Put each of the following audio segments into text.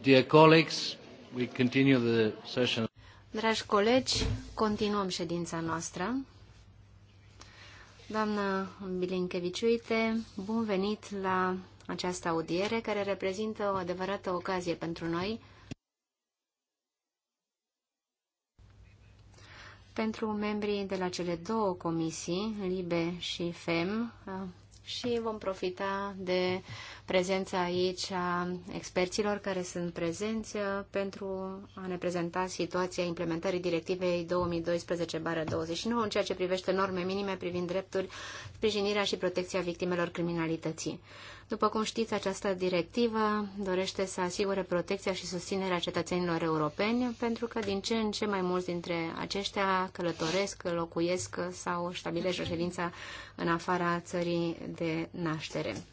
Dear colleagues, we continue the session. Dragi colegi, continuăm ședința noastră. Doamnă Bilinkeviciuite, bun venit la această audiere care reprezintă o adevărată ocazie pentru noi pentru membrii de la cele două comisii, LIBE și FEM, și vom profita de prezența aici a experților care sunt prezenți uh, pentru a ne prezenta situația implementării directivei 2012-29 în ceea ce privește norme minime privind drepturi, sprijinirea și protecția victimelor criminalității. După cum știți, această directivă dorește să asigure protecția și susținerea cetățenilor europeni, pentru că din ce în ce mai mulți dintre aceștia călătoresc, locuiesc sau stabilesc ședința în afara țării de naștere.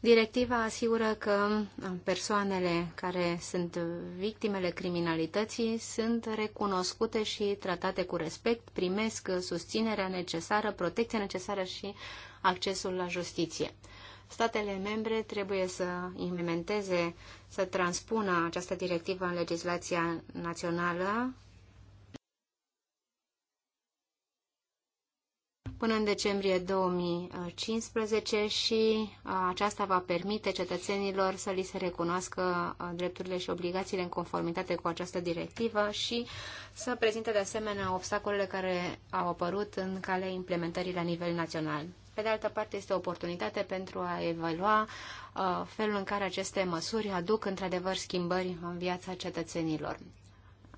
Directiva asigură că persoanele care sunt victimele criminalității sunt recunoscute și tratate cu respect, primesc susținerea necesară, protecția necesară și accesul la justiție. Statele membre trebuie să implementeze, să transpună această directivă în legislația națională până în decembrie 2015 și uh, aceasta va permite cetățenilor să li se recunoască uh, drepturile și obligațiile în conformitate cu această directivă și să prezinte de asemenea obstacolele care au apărut în calea implementării la nivel național pe de altă parte este o oportunitate pentru a evalua uh, felul în care aceste măsuri aduc într-adevăr schimbări în viața cetățenilor.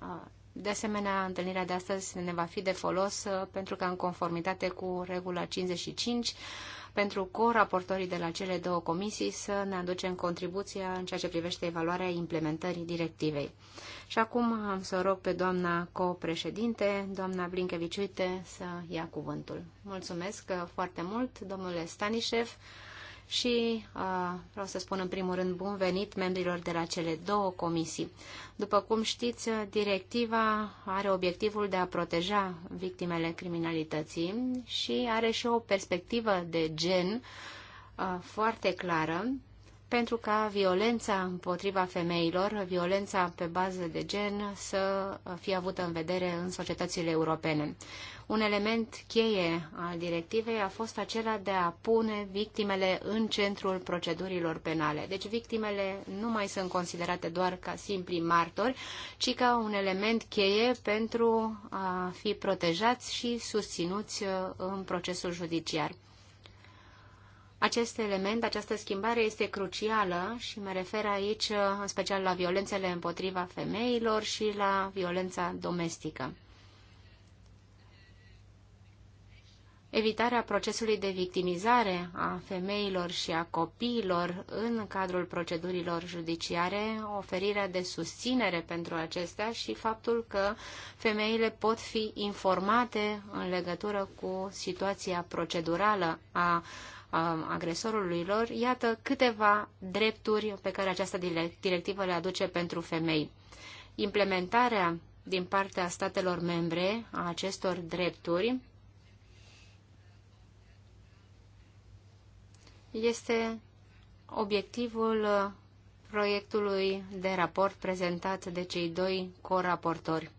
Uh, de asemenea, întâlnirea de astăzi ne va fi de folos uh, pentru că, în conformitate cu regula 55, pentru co-raportorii de la cele două comisii să ne aducem contribuția în ceea ce privește evaluarea implementării directivei. Și acum am să rog pe doamna co-președinte, doamna Blinkeviciuite, să ia cuvântul. Mulțumesc foarte mult, domnule Stanișev și uh, vreau să spun în primul rând bun venit membrilor de la cele două comisii. După cum știți, directiva are obiectivul de a proteja victimele criminalității și are și o perspectivă de gen uh, foarte clară pentru ca violența împotriva femeilor, violența pe bază de gen, să fie avută în vedere în societățile europene. Un element cheie al directivei a fost acela de a pune victimele în centrul procedurilor penale. Deci victimele nu mai sunt considerate doar ca simpli martori, ci ca un element cheie pentru a fi protejați și susținuți uh, în procesul judiciar. Acest element, această schimbare este crucială și mă refer aici în special la violențele împotriva femeilor și la violența domestică. evitarea procesului de victimizare a femeilor și a copiilor în cadrul procedurilor judiciare, oferirea de susținere pentru acestea și faptul că femeile pot fi informate în legătură cu situația procedurală a agresorului lor, iată câteva drepturi pe care această directivă le aduce pentru femei. Implementarea din partea statelor membre a acestor drepturi este obiectivul uh, proiectului de raport prezentat de cei doi coraportori.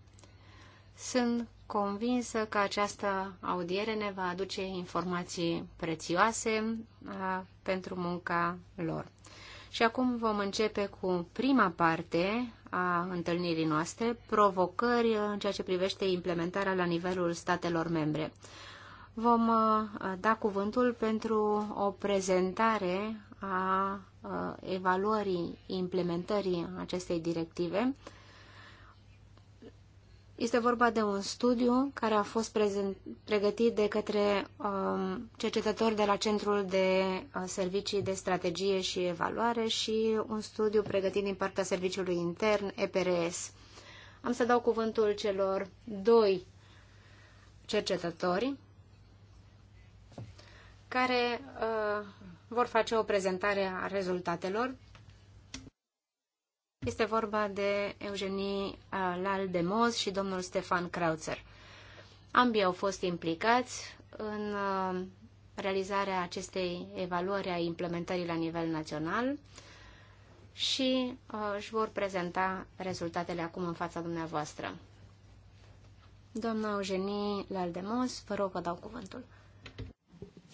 Sunt convinsă că această audiere ne va aduce informații prețioase a, uh, pentru munca lor. Și acum vom începe cu prima parte a întâlnirii noastre, provocări uh, în ceea ce privește implementarea la nivelul statelor membre vom uh, da cuvântul pentru o prezentare a uh, evaluării implementării acestei directive. Este vorba de un studiu care a fost pregătit de către um, cercetători de la Centrul de uh, Servicii de Strategie și Evaluare și un studiu pregătit din partea Serviciului Intern EPRS. Am să dau cuvântul celor doi cercetători care uh, vor face o prezentare a rezultatelor. Este vorba de Eugenie uh, Moz și domnul Stefan Krautzer. Ambii au fost implicați în uh, realizarea acestei evaluări a implementării la nivel național și uh, își vor prezenta rezultatele acum în fața dumneavoastră. Doamna Eugenie Laldemos, vă rog, vă dau cuvântul.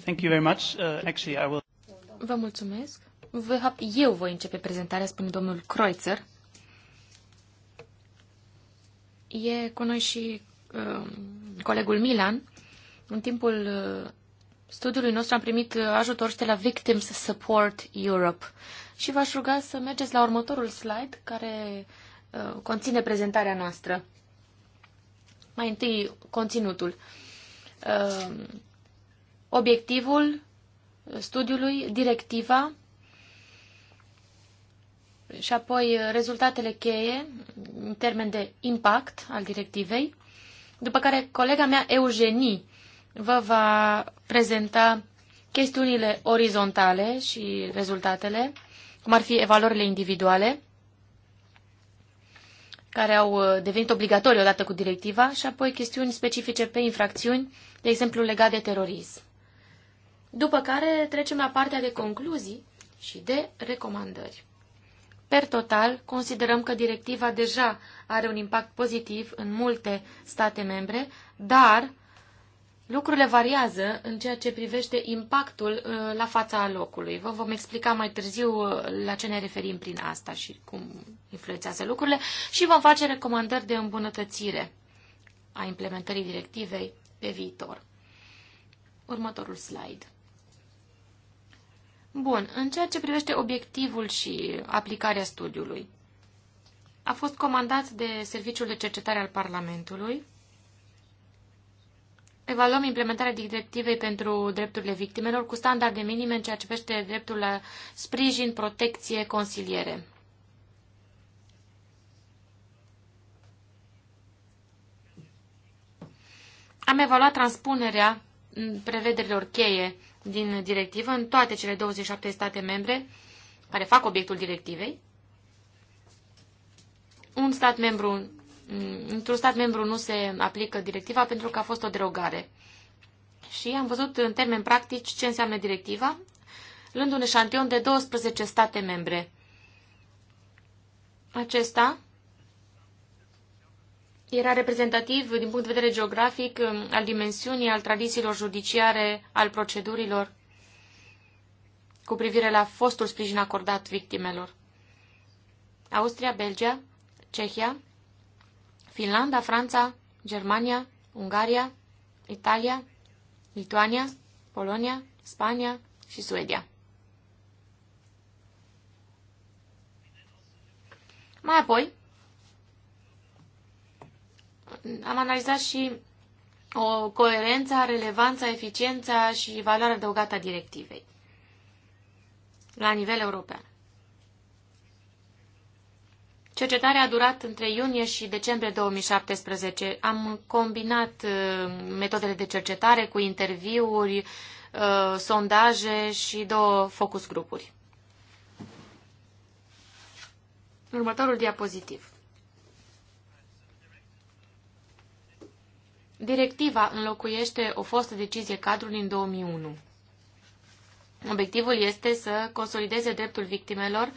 Thank you very much. Uh, actually, I will... Vă mulțumesc. Eu voi începe prezentarea, spune domnul Kreutzer. E cu noi și uh, colegul Milan. În timpul uh, studiului nostru am primit uh, ajutor și de la Victims Support Europe. Și v-aș ruga să mergeți la următorul slide care uh, conține prezentarea noastră. Mai întâi, conținutul. Uh, obiectivul studiului, directiva și apoi rezultatele cheie în termen de impact al directivei, după care colega mea Eugenie vă va prezenta chestiunile orizontale și rezultatele, cum ar fi evaluările individuale, care au devenit obligatorii odată cu directiva, și apoi chestiuni specifice pe infracțiuni, de exemplu legate de terorism după care trecem la partea de concluzii și de recomandări. Per total, considerăm că directiva deja are un impact pozitiv în multe state membre, dar lucrurile variază în ceea ce privește impactul uh, la fața locului. Vă vom explica mai târziu uh, la ce ne referim prin asta și cum influențează lucrurile și vom face recomandări de îmbunătățire a implementării directivei pe viitor. Următorul slide. Bun, în ceea ce privește obiectivul și aplicarea studiului, a fost comandat de Serviciul de Cercetare al Parlamentului. Evaluăm implementarea directivei pentru drepturile victimelor cu standarde minime în ceea ce privește dreptul la sprijin, protecție, consiliere. Am evaluat transpunerea prevederilor cheie din directivă în toate cele 27 state membre care fac obiectul directivei. Un stat membru, într-un stat membru nu se aplică directiva pentru că a fost o derogare. Și am văzut în termen practici ce înseamnă directiva, luând un eșantion de 12 state membre. Acesta era reprezentativ din punct de vedere geografic um, al dimensiunii, al tradițiilor judiciare, al procedurilor cu privire la fostul sprijin acordat victimelor. Austria, Belgia, Cehia, Finlanda, Franța, Germania, Ungaria, Italia, Lituania, Polonia, Spania și Suedia. Mai apoi, am analizat și o coerența, relevanța, eficiența și valoarea adăugată a directivei la nivel european. Cercetarea a durat între iunie și decembrie 2017. Am combinat uh, metodele de cercetare cu interviuri, uh, sondaje și două focus grupuri. Următorul diapozitiv. Directiva înlocuiește o fostă decizie cadru din 2001. Obiectivul este să consolideze dreptul victimelor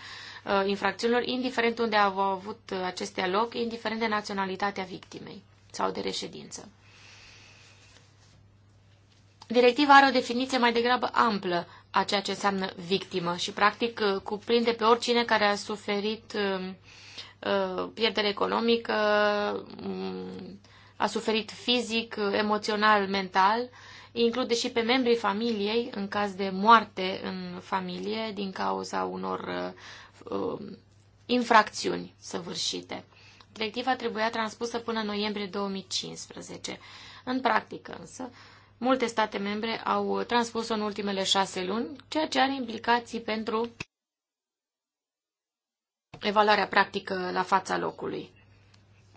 uh, infracțiunilor, indiferent unde au avut acestea loc, indiferent de naționalitatea victimei sau de reședință. Directiva are o definiție mai degrabă amplă a ceea ce înseamnă victimă și, practic, uh, cuprinde pe oricine care a suferit uh, pierdere economică, um, a suferit fizic, emoțional, mental, include și pe membrii familiei în caz de moarte în familie din cauza unor uh, um, infracțiuni săvârșite. Directiva trebuia transpusă până noiembrie 2015. În practică însă, multe state membre au transpus-o în ultimele șase luni, ceea ce are implicații pentru evaluarea practică la fața locului.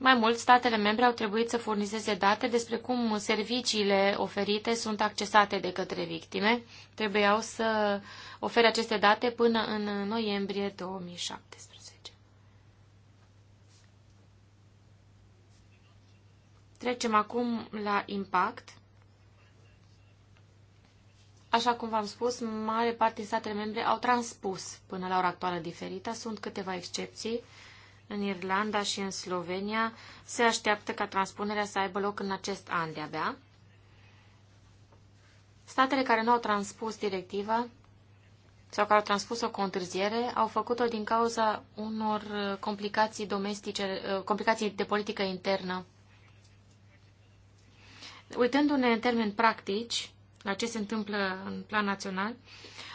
Mai mult, statele membre au trebuit să furnizeze date despre cum serviciile oferite sunt accesate de către victime. Trebuiau să ofere aceste date până în noiembrie 2017. Trecem acum la impact. Așa cum v-am spus, mare parte din statele membre au transpus până la ora actuală diferită. Sunt câteva excepții în Irlanda și în Slovenia, se așteaptă ca transpunerea să aibă loc în acest an de-abia. Statele care nu au transpus directiva sau care au transpus-o cu întârziere au făcut-o din cauza unor complicații domestice, uh, complicații de politică internă. Uitându-ne în termeni practici la ce se întâmplă în plan național,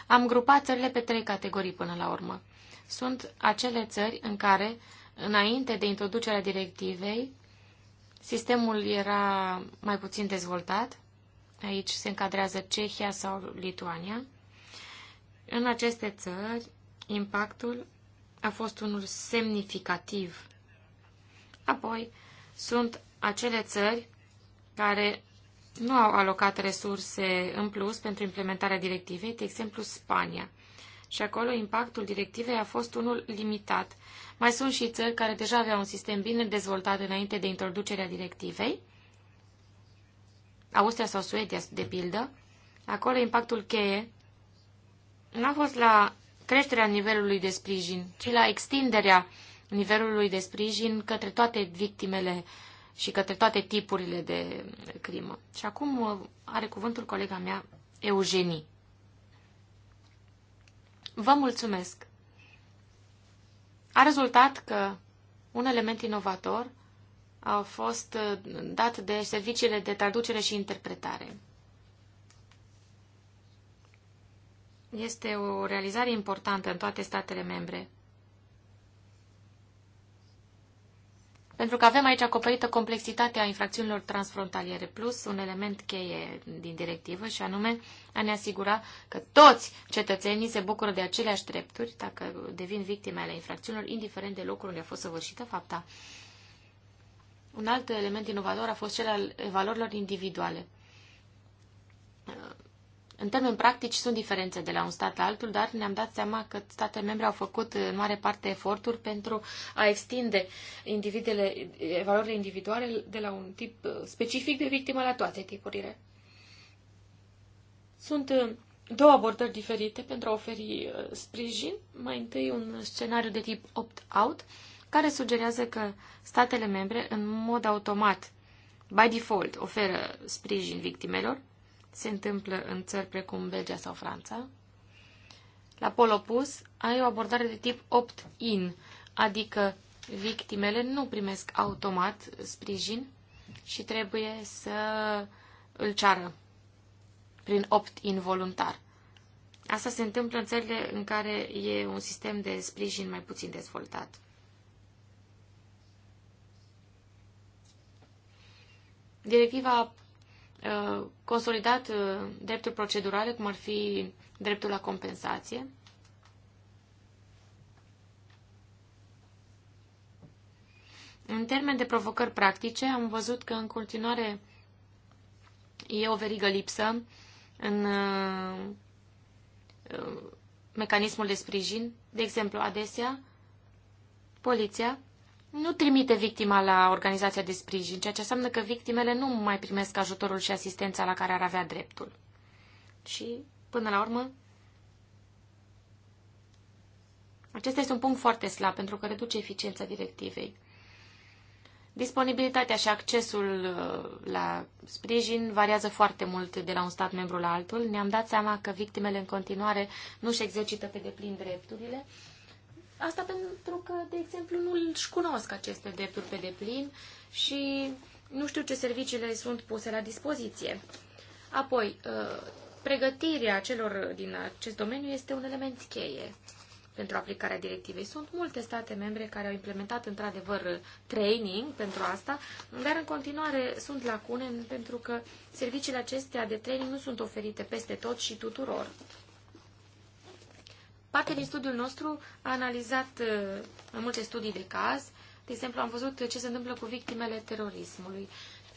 am grupat țările pe trei categorii până la urmă. Sunt acele țări în care Înainte de introducerea directivei, sistemul era mai puțin dezvoltat. Aici se încadrează Cehia sau Lituania. În aceste țări, impactul a fost unul semnificativ. Apoi, sunt acele țări care nu au alocat resurse în plus pentru implementarea directivei, de exemplu Spania și acolo impactul directivei a fost unul limitat. Mai sunt și țări care deja aveau un sistem bine dezvoltat înainte de introducerea directivei, Austria sau Suedia, de pildă. Acolo impactul cheie n-a fost la creșterea nivelului de sprijin, ci la extinderea nivelului de sprijin către toate victimele și către toate tipurile de crimă. Și acum uh, are cuvântul colega mea, Eugenie. Vă mulțumesc! A rezultat că un element inovator a fost uh, dat de serviciile de traducere și interpretare. Este o realizare importantă în toate statele membre. pentru că avem aici acoperită complexitatea infracțiunilor transfrontaliere, plus un element cheie din directivă și anume a ne asigura că toți cetățenii se bucură de aceleași drepturi dacă devin victime ale infracțiunilor, indiferent de locul unde a fost săvârșită fapta. Un alt element inovator a fost cel al valorilor individuale. În termeni practici sunt diferențe de la un stat la altul, dar ne-am dat seama că statele membre au făcut în mare parte eforturi pentru a extinde individele, valorile individuale de la un tip specific de victimă la toate tipurile. Sunt uh, două abordări diferite pentru a oferi uh, sprijin. Mai întâi un scenariu de tip opt-out, care sugerează că statele membre în mod automat, by default, oferă sprijin victimelor, se întâmplă în țări precum Belgia sau Franța. La pol opus, ai o abordare de tip opt-in, adică victimele nu primesc automat sprijin și trebuie să îl ceară prin opt-in voluntar. Asta se întâmplă în țările în care e un sistem de sprijin mai puțin dezvoltat. Directiva Uh, consolidat uh, dreptul procedurale, cum ar fi dreptul la compensație. În termen de provocări practice, am văzut că în continuare e o verigă lipsă în uh, mecanismul de sprijin. De exemplu, adesea, poliția nu trimite victima la organizația de sprijin, ceea ce înseamnă că victimele nu mai primesc ajutorul și asistența la care ar avea dreptul. Și, până la urmă, acesta este un punct foarte slab pentru că reduce eficiența directivei. Disponibilitatea și accesul uh, la sprijin variază foarte mult de la un stat membru la altul. Ne-am dat seama că victimele în continuare nu își exercită pe deplin drepturile Asta pentru că, de exemplu, nu își cunosc aceste drepturi pe deplin și nu știu ce serviciile sunt puse la dispoziție. Apoi, ă, pregătirea celor din acest domeniu este un element cheie pentru aplicarea directivei. Sunt multe state membre care au implementat într-adevăr training pentru asta, dar în continuare sunt lacune pentru că serviciile acestea de training nu sunt oferite peste tot și tuturor. Parte din studiul nostru a analizat uh, mai multe studii de caz. De exemplu, am văzut ce se întâmplă cu victimele terorismului,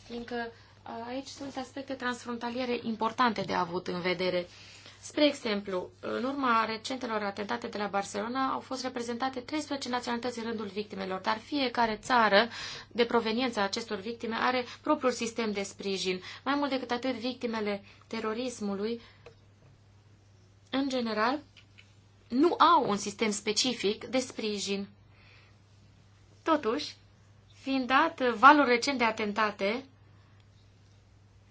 fiindcă uh, aici sunt aspecte transfrontaliere importante de avut în vedere. Spre exemplu, în urma recentelor atentate de la Barcelona au fost reprezentate 13 naționalități în rândul victimelor, dar fiecare țară de proveniență a acestor victime are propriul sistem de sprijin. Mai mult decât atât, victimele terorismului, în general, nu au un sistem specific de sprijin. Totuși, fiind dat valul recent de atentate,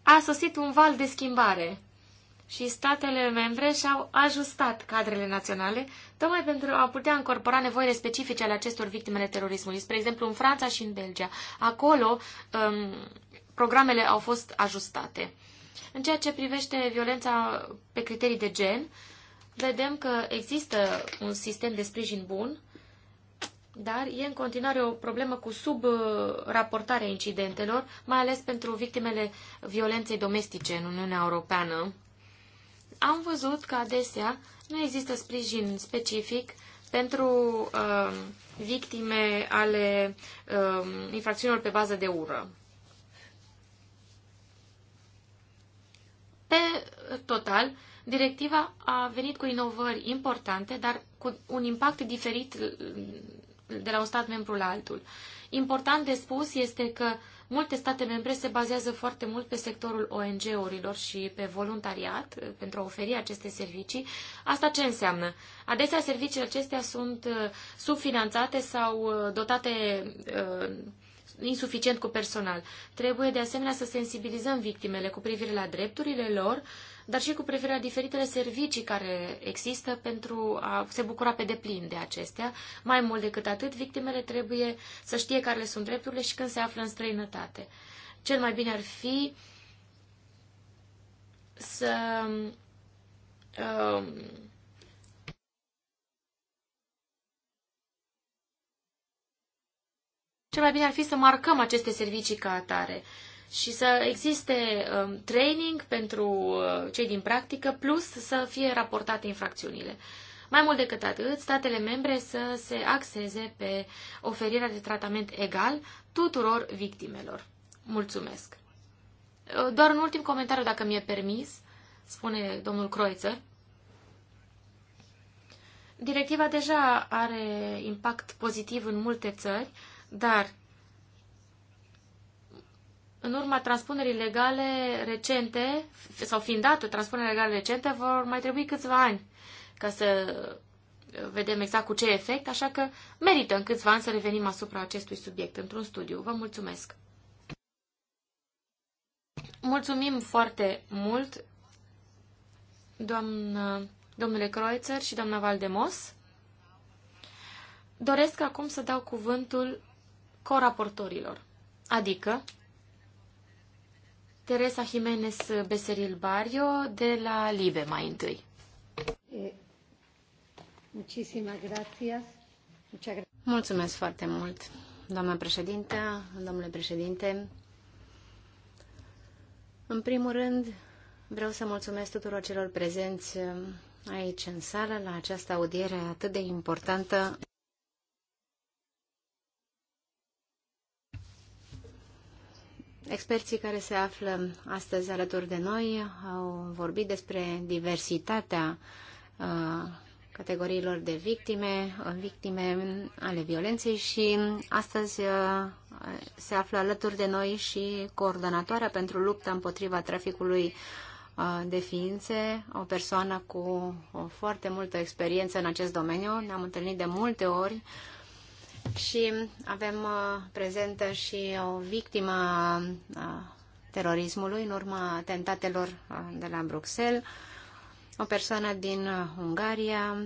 a sosit un val de schimbare și statele membre și-au ajustat cadrele naționale tocmai pentru a putea încorpora nevoile specifice ale acestor victimele terorismului, spre exemplu în Franța și în Belgia. Acolo um, programele au fost ajustate. În ceea ce privește violența pe criterii de gen, uh, vedem că există un sistem de sprijin bun, dar e în continuare o problemă cu subraportarea incidentelor, mai ales pentru victimele violenței domestice în Uniunea Europeană. Am văzut că adesea nu există sprijin specific pentru uh, victime ale uh, infracțiunilor pe bază de ură. Pe total, Directiva a venit cu inovări importante, dar cu un impact diferit de la un stat membru la altul. Important de spus este că multe state membre se bazează foarte mult pe sectorul ONG-urilor și pe voluntariat pentru a oferi aceste servicii. Asta ce înseamnă? Adesea serviciile acestea sunt uh, subfinanțate sau uh, dotate uh, insuficient cu personal. Trebuie de asemenea să sensibilizăm victimele cu privire la drepturile lor, dar și cu privire la diferitele servicii care există pentru a se bucura pe deplin de acestea. Mai mult decât atât, victimele trebuie să știe care le sunt drepturile și când se află în străinătate. Cel mai bine ar fi să uh, cel mai bine ar fi să marcăm aceste servicii ca atare și să existe um, training pentru uh, cei din practică, plus să fie raportate infracțiunile. Mai mult decât atât, statele membre să se axeze pe oferirea de tratament egal tuturor victimelor. Mulțumesc! Uh, doar un ultim comentariu, dacă mi-e permis, spune domnul Croiță. Directiva deja are impact pozitiv în multe țări, dar în urma transpunerii legale recente, sau fiind dată transpunerea legale recente, vor mai trebui câțiva ani ca să vedem exact cu ce efect, așa că merită în câțiva ani să revenim asupra acestui subiect într-un studiu. Vă mulțumesc! Mulțumim foarte mult, doamnă, domnule Croițer și doamna Valdemos. Doresc acum să dau cuvântul coraportorilor, adică Teresa Jimenez Beseril Barrio de la LIBE mai întâi. Mulțumesc foarte mult, doamnă președinte, domnule președinte. În primul rând, vreau să mulțumesc tuturor celor prezenți aici în sală la această audiere atât de importantă Experții care se află astăzi alături de noi au vorbit despre diversitatea uh, categoriilor de victime, uh, victime ale violenței și astăzi uh, se află alături de noi și coordonatoarea pentru lupta împotriva traficului de ființe, o persoană cu o foarte multă experiență în acest domeniu. Ne-am întâlnit de multe ori și avem uh, prezentă și o victimă a terorismului în urma atentatelor uh, de la Bruxelles, o persoană din uh, Ungaria,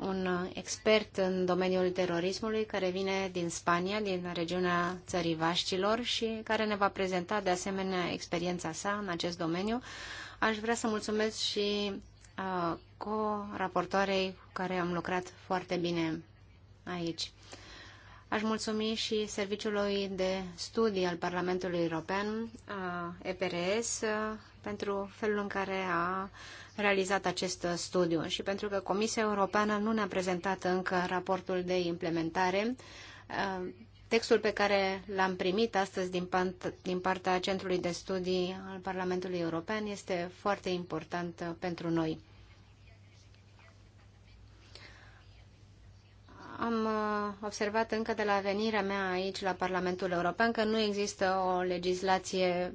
un expert în domeniul terorismului care vine din Spania, din regiunea țării Vaștilor și care ne va prezenta de asemenea experiența sa în acest domeniu. Aș vrea să mulțumesc și uh, co-raportoarei cu care am lucrat foarte bine aici. Aș mulțumi și Serviciului de Studii al Parlamentului European, EPRS, pentru felul în care a realizat acest studiu și pentru că Comisia Europeană nu ne-a prezentat încă raportul de implementare. Textul pe care l-am primit astăzi din, part, din partea Centrului de Studii al Parlamentului European este foarte important pentru noi. am uh, observat încă de la venirea mea aici la Parlamentul European că nu există o legislație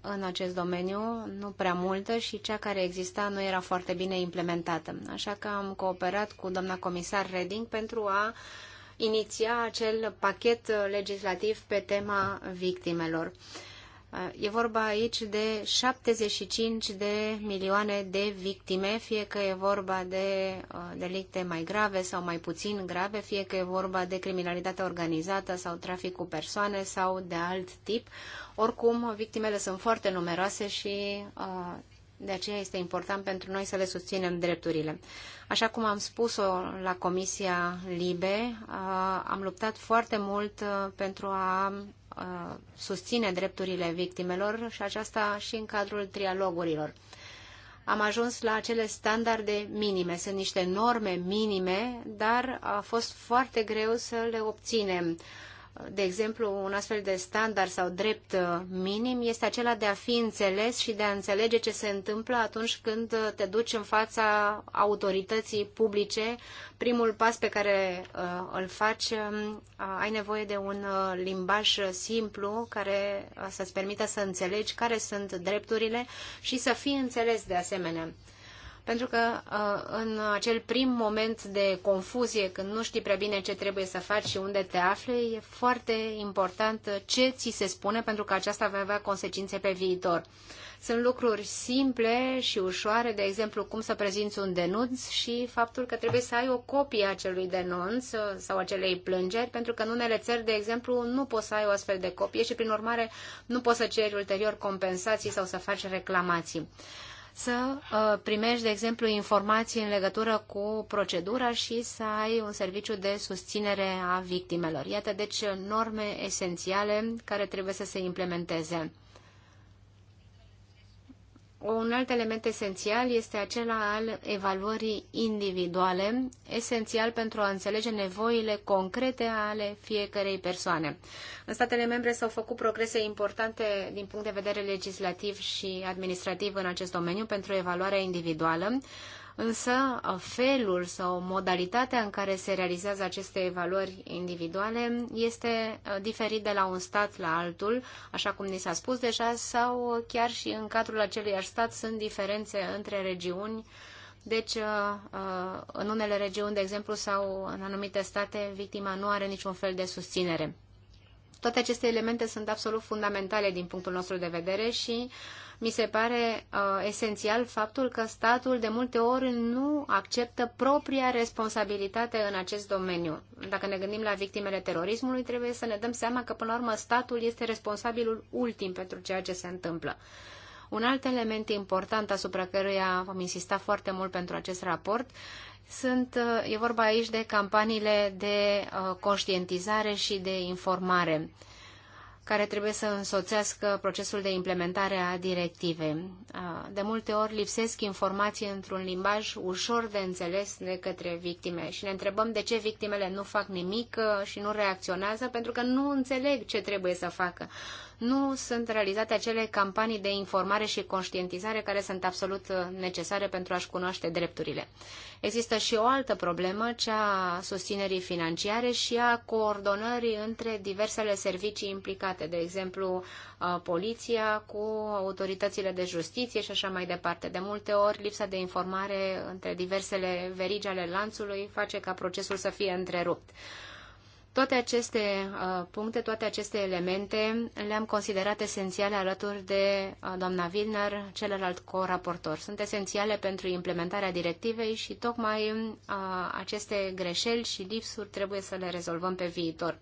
în acest domeniu, nu prea multă și cea care exista nu era foarte bine implementată. Așa că am cooperat cu doamna comisar Reding pentru a iniția acel pachet legislativ pe tema victimelor. Uh, E vorba aici de 75 de milioane de victime, fie că e vorba de uh, delicte mai grave sau mai puțin grave, fie că e vorba de criminalitate organizată sau trafic cu persoane sau de alt tip. Oricum, victimele sunt foarte numeroase și uh, de aceea este important pentru noi să le susținem drepturile. Așa cum am spus-o la Comisia Libe, uh, am luptat foarte mult pentru a susține drepturile victimelor și aceasta și în cadrul trialogurilor. Am ajuns la acele standarde minime, sunt niște norme minime, dar a fost foarte greu să le obținem de exemplu, un astfel de standard sau drept uh, minim este acela de a fi înțeles și de a înțelege ce se întâmplă atunci când uh, te duci în fața autorității publice. Primul pas pe care uh, îl faci, um, ai nevoie de un limbaj simplu care să-ți permită să înțelegi care sunt drepturile și să fii înțeles de asemenea pentru că uh, în acel prim moment de confuzie, când nu știi prea bine ce trebuie să faci și unde te afli, e foarte important ce ți se spune, pentru că aceasta va avea consecințe pe viitor. Sunt lucruri simple și ușoare, de exemplu, cum să prezinți un denunț și faptul că trebuie să ai o copie a acelui denunț uh, sau acelei plângeri, pentru că în unele țări, de exemplu, nu poți să ai o astfel de copie și, prin urmare, nu poți să ceri ulterior compensații sau să faci reclamații să uh, primești, de exemplu, informații în legătură cu procedura și să ai un serviciu de susținere a victimelor. Iată, deci, norme esențiale care trebuie să se implementeze. Un alt element esențial este acela al evaluării individuale, esențial pentru a înțelege nevoile concrete ale fiecărei persoane. În statele membre s-au făcut progrese importante din punct de vedere legislativ și administrativ în acest domeniu pentru evaluarea individuală, însă felul sau modalitatea în care se realizează aceste evaluări individuale este uh, diferit de la un stat la altul, așa cum ni s-a spus deja, sau chiar și în cadrul aceluiași stat sunt diferențe între regiuni. Deci, uh, uh, în unele regiuni, de exemplu, sau în anumite state, victima nu are niciun fel de susținere. Toate aceste elemente sunt absolut fundamentale din punctul nostru de vedere și uh, mi se pare uh, esențial faptul că statul de multe ori nu acceptă propria responsabilitate în acest domeniu. Dacă ne gândim la victimele terorismului, trebuie să ne dăm seama că, până la urmă, statul este responsabilul ultim pentru ceea ce se întâmplă. Un alt element important asupra căruia am insistat foarte mult pentru acest raport sunt, uh, e vorba aici de campaniile de uh, conștientizare și de informare. Uh, care trebuie să însoțească procesul de implementare a directivei. De multe ori lipsesc informații într-un limbaj ușor de înțeles de către victime și ne întrebăm de ce victimele nu fac nimic uh, și nu reacționează pentru că nu înțeleg ce trebuie să facă nu sunt realizate acele campanii de informare și conștientizare care sunt absolut uh, necesare pentru a-și cunoaște drepturile. Există și o altă problemă, cea a susținerii financiare și a coordonării între diversele servicii implicate, de exemplu uh, poliția cu autoritățile de justiție și așa mai departe. De multe ori, lipsa de informare între diversele verigi ale lanțului face ca procesul să fie întrerupt. Toate aceste uh, puncte, toate aceste elemente le-am considerat esențiale alături de uh, doamna Wilner, celălalt co-raportor. Sunt esențiale pentru implementarea directivei și tocmai uh, aceste greșeli și lipsuri trebuie să le rezolvăm pe viitor.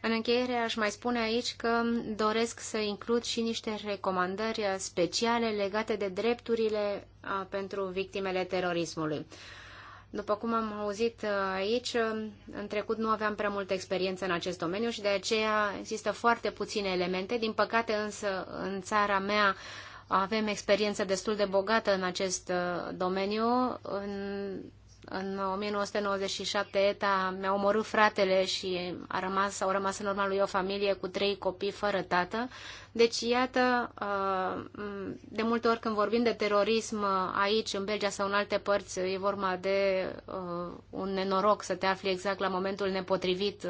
În încheiere aș mai spune aici că doresc să includ și niște recomandări speciale legate de drepturile uh, pentru victimele terorismului. După cum am auzit uh, aici, uh, în trecut nu aveam prea multă experiență în acest domeniu și de aceea există foarte puține elemente. Din păcate însă în țara mea avem experiență destul de bogată în acest uh, domeniu. În în 1997 ETA mi-a omorât fratele și a rămas, au rămas în urma lui o familie cu trei copii fără tată. Deci, iată, uh, de multe ori când vorbim de terorism uh, aici, în Belgia sau în alte părți, e vorba de uh, un nenoroc să te afli exact la momentul nepotrivit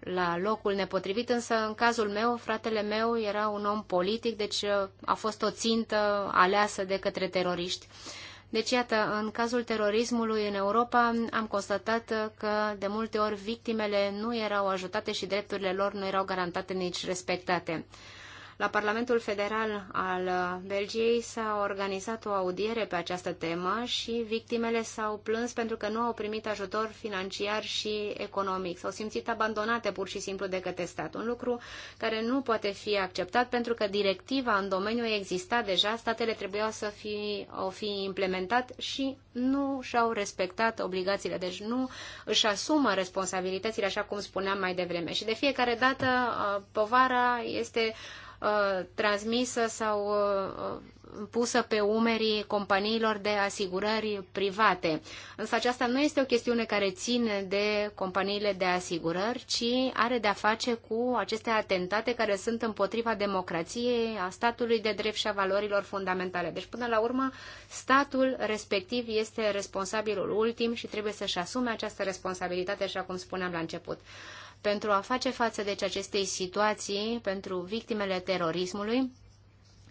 la locul nepotrivit, însă în cazul meu, fratele meu era un om politic, deci a fost o țintă aleasă de către teroriști. Deci, iată, în cazul terorismului în Europa am constatat că de multe ori victimele nu erau ajutate și drepturile lor nu erau garantate nici respectate. La Parlamentul Federal al uh, Belgiei s-a organizat o audiere pe această temă și victimele s-au plâns pentru că nu au primit ajutor financiar și economic. S-au simțit abandonate pur și simplu de către stat. Un lucru care nu poate fi acceptat pentru că directiva în domeniu exista deja, statele trebuiau să fi, o fi implementat și nu și-au respectat obligațiile. Deci nu își asumă responsabilitățile, așa cum spuneam mai devreme. Și de fiecare dată uh, povara este Uh, transmisă sau uh, uh, pusă pe umerii companiilor de asigurări private. Însă aceasta nu este o chestiune care ține de companiile de asigurări, ci are de-a face cu aceste atentate care sunt împotriva democrației, a statului de drept și a valorilor fundamentale. Deci, până la urmă, statul respectiv este responsabilul ultim și trebuie să-și asume această responsabilitate, așa cum spuneam la început pentru a face față deci acestei situații pentru victimele terorismului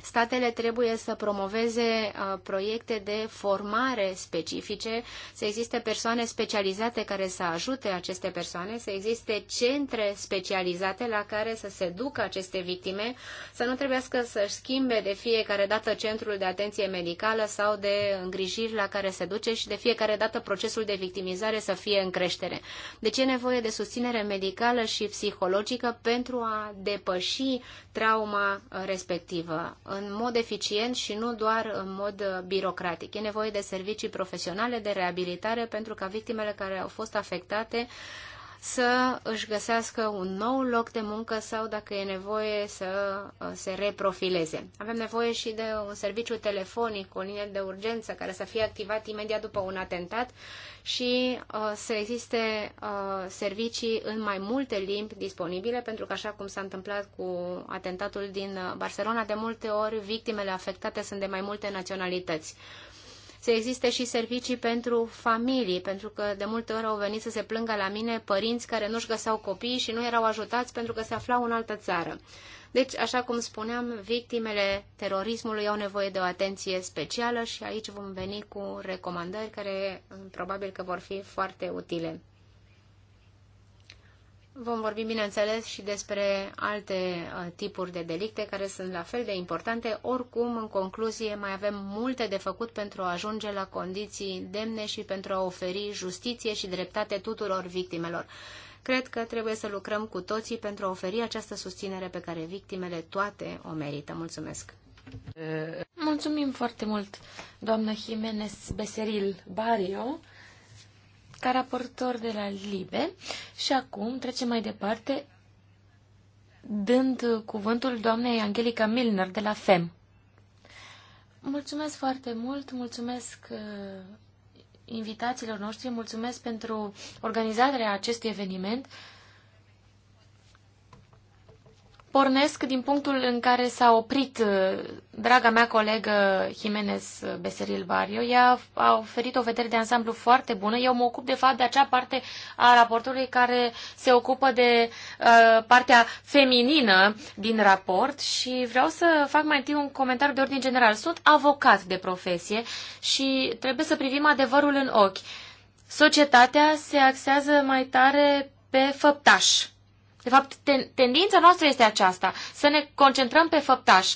Statele trebuie să promoveze uh, proiecte de formare specifice, să existe persoane specializate care să ajute aceste persoane, să existe centre specializate la care să se ducă aceste victime, să nu trebuiască să-și schimbe de fiecare dată centrul de atenție medicală sau de îngrijiri la care se duce și de fiecare dată procesul de victimizare să fie în creștere. Deci e nevoie de susținere medicală și psihologică pentru a depăși trauma respectivă în mod eficient și nu doar în mod uh, birocratic. E nevoie de servicii profesionale de reabilitare pentru ca victimele care au fost afectate să își găsească un nou loc de muncă sau, dacă e nevoie, să uh, se reprofileze. Avem nevoie și de un serviciu telefonic, o linie de urgență care să fie activat imediat după un atentat și uh, să existe uh, servicii în mai multe limbi disponibile, pentru că, așa cum s-a întâmplat cu atentatul din Barcelona, de multe ori victimele afectate sunt de mai multe naționalități să existe și servicii pentru familii, pentru că de multe ori au venit să se plângă la mine părinți care nu-și găseau copii și nu erau ajutați pentru că se aflau în altă țară. Deci, așa cum spuneam, victimele terorismului au nevoie de o atenție specială și aici vom veni cu recomandări care mm, probabil că vor fi foarte utile. Vom vorbi, bineînțeles, și despre alte uh, tipuri de delicte care sunt la fel de importante. Oricum, în concluzie, mai avem multe de făcut pentru a ajunge la condiții demne și pentru a oferi justiție și dreptate tuturor victimelor. Cred că trebuie să lucrăm cu toții pentru a oferi această susținere pe care victimele toate o merită. Mulțumesc! Mulțumim foarte mult, doamnă Jimenez Beseril Barrio ca raportor de la LIBE și acum trecem mai departe dând cuvântul doamnei Angelica Milner de la FEM. Mulțumesc foarte mult, mulțumesc uh, invitațiilor noștri, mulțumesc pentru organizarea acestui eveniment pornesc din punctul în care s-a oprit uh, draga mea colegă Jimenez Beseril Barrio. Ea a oferit o vedere de ansamblu foarte bună. Eu mă ocup, de fapt, de acea parte a raportului care se ocupă de uh, partea feminină din raport și vreau să fac mai întâi un comentariu de ordine general. Sunt avocat de profesie și trebuie să privim adevărul în ochi. Societatea se axează mai tare pe făptași de fapt, ten, tendința noastră este aceasta, să ne concentrăm pe făptaș,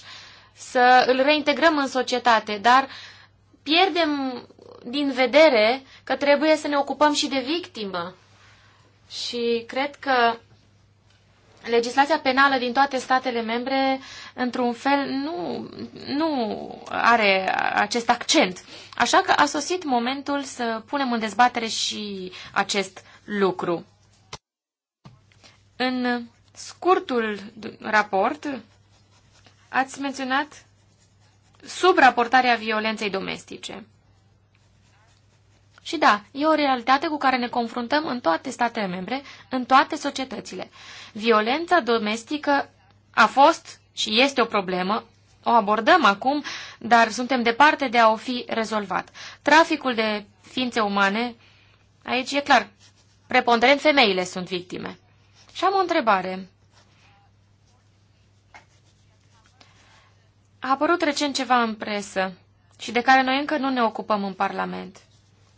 să îl reintegrăm în societate, dar pierdem din vedere că trebuie să ne ocupăm și de victimă. Și cred că legislația penală din toate statele membre, într-un fel, nu, nu are acest accent. Așa că a sosit momentul să punem în dezbatere și acest lucru. În scurtul raport ați menționat subraportarea violenței domestice. Și da, e o realitate cu care ne confruntăm în toate statele membre, în toate societățile. Violența domestică a fost și este o problemă, o abordăm acum, dar suntem departe de a o fi rezolvat. Traficul de ființe umane, aici e clar, preponderent femeile sunt victime. Și am o întrebare. A apărut recent ceva în presă și de care noi încă nu ne ocupăm în Parlament.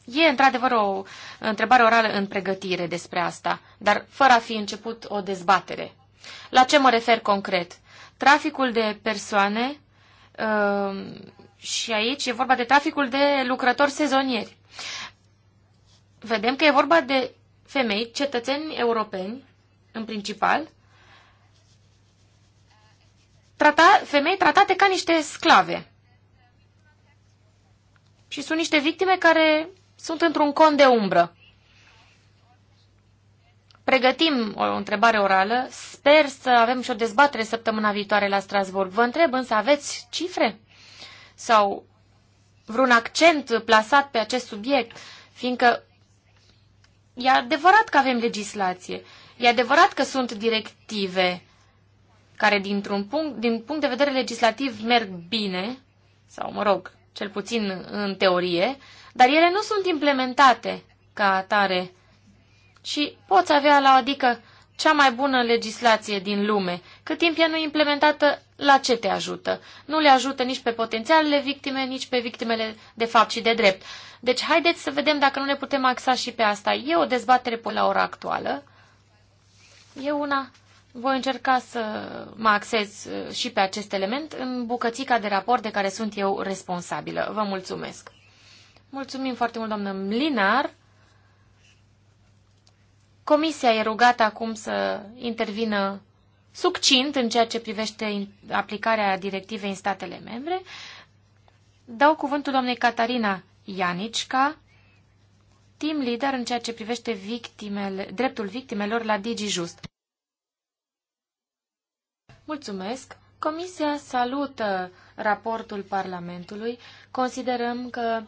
E într-adevăr o întrebare orală în pregătire despre asta, dar fără a fi început o dezbatere. La ce mă refer concret? Traficul de persoane uh, și aici e vorba de traficul de lucrători sezonieri. Vedem că e vorba de femei, cetățeni europeni, în principal, trata, femei tratate ca niște sclave. Și sunt niște victime care sunt într-un con de umbră. Pregătim o întrebare orală. Sper să avem și o dezbatere săptămâna viitoare la Strasburg. Vă întreb însă, aveți cifre? Sau vreun accent plasat pe acest subiect? Fiindcă E adevărat că avem legislație. E adevărat că sunt directive care, dintr-un punct, din punct de vedere legislativ, merg bine, sau, mă rog, cel puțin în teorie, dar ele nu sunt implementate ca atare. Și poți avea la adică cea mai bună legislație din lume, cât timp ea nu e implementată la ce te ajută? Nu le ajută nici pe potențialele victime, nici pe victimele de fapt și de drept. Deci haideți să vedem dacă nu ne putem axa și pe asta. E o dezbatere până la ora actuală. E una. Voi încerca să mă axez uh, și pe acest element în bucățica de raport de care sunt eu responsabilă. Vă mulțumesc. Mulțumim foarte mult, doamnă Mlinar. Comisia e rugată acum să intervină succint în ceea ce privește aplicarea directivei în statele membre. Dau cuvântul doamnei Catarina Ianicca, team leader în ceea ce privește victimele, dreptul victimelor la DigiJust. Mulțumesc! Comisia salută raportul Parlamentului. Considerăm că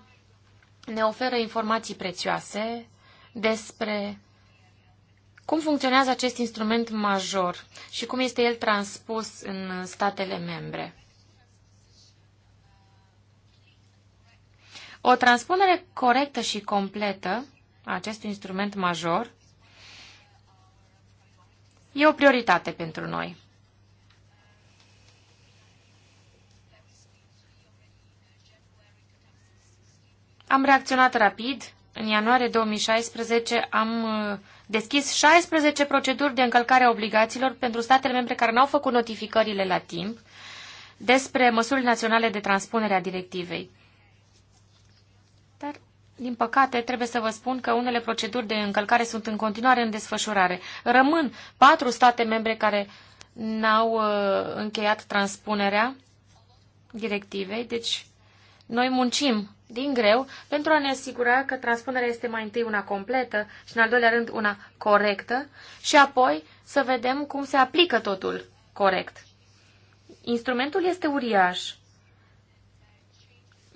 ne oferă informații prețioase despre cum funcționează acest instrument major și cum este el transpus în statele membre? O transpunere corectă și completă a acestui instrument major e o prioritate pentru noi. Am reacționat rapid. În ianuarie 2016 am uh, deschis 16 proceduri de încălcare a obligațiilor pentru statele membre care n-au făcut notificările la timp despre măsurile naționale de transpunere a directivei. Dar, din păcate, trebuie să vă spun că unele proceduri de încălcare sunt în continuare în desfășurare. Rămân patru state membre care n-au uh, încheiat transpunerea directivei, deci noi muncim din greu pentru a ne asigura că transpunerea este mai întâi una completă și în al doilea rând una corectă și apoi să vedem cum se aplică totul corect. Instrumentul este uriaș.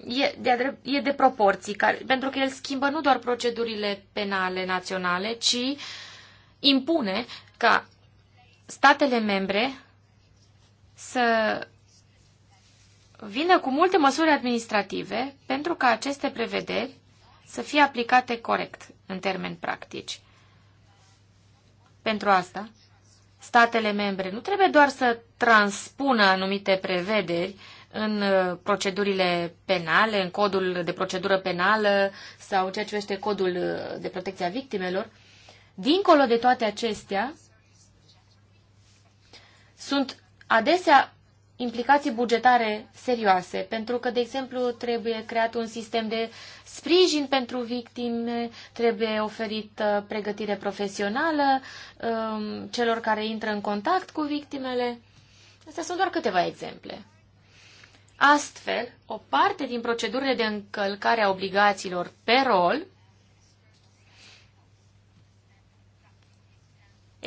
E de, e de proporții, care, pentru că el schimbă nu doar procedurile penale naționale, ci impune ca statele membre să vine cu multe măsuri administrative pentru ca aceste prevederi să fie aplicate corect în termeni practici. Pentru asta, statele membre nu trebuie doar să transpună anumite prevederi în uh, procedurile penale, în codul de procedură penală sau ceea ce este codul uh, de protecție a victimelor. Dincolo de toate acestea, sunt adesea implicații bugetare serioase, pentru că, de exemplu, trebuie creat un sistem de sprijin pentru victime, trebuie oferită uh, pregătire profesională um, celor care intră în contact cu victimele. Astea sunt doar câteva exemple. Astfel, o parte din procedurile de încălcare a obligațiilor pe rol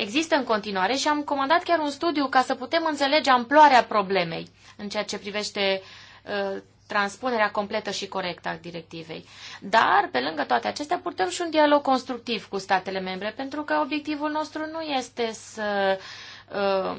există în continuare și am comandat chiar un studiu ca să putem înțelege amploarea problemei în ceea ce privește uh, transpunerea completă și corectă a directivei. Dar, pe lângă toate acestea, purtăm și un dialog constructiv cu statele membre, pentru că obiectivul nostru nu este să uh,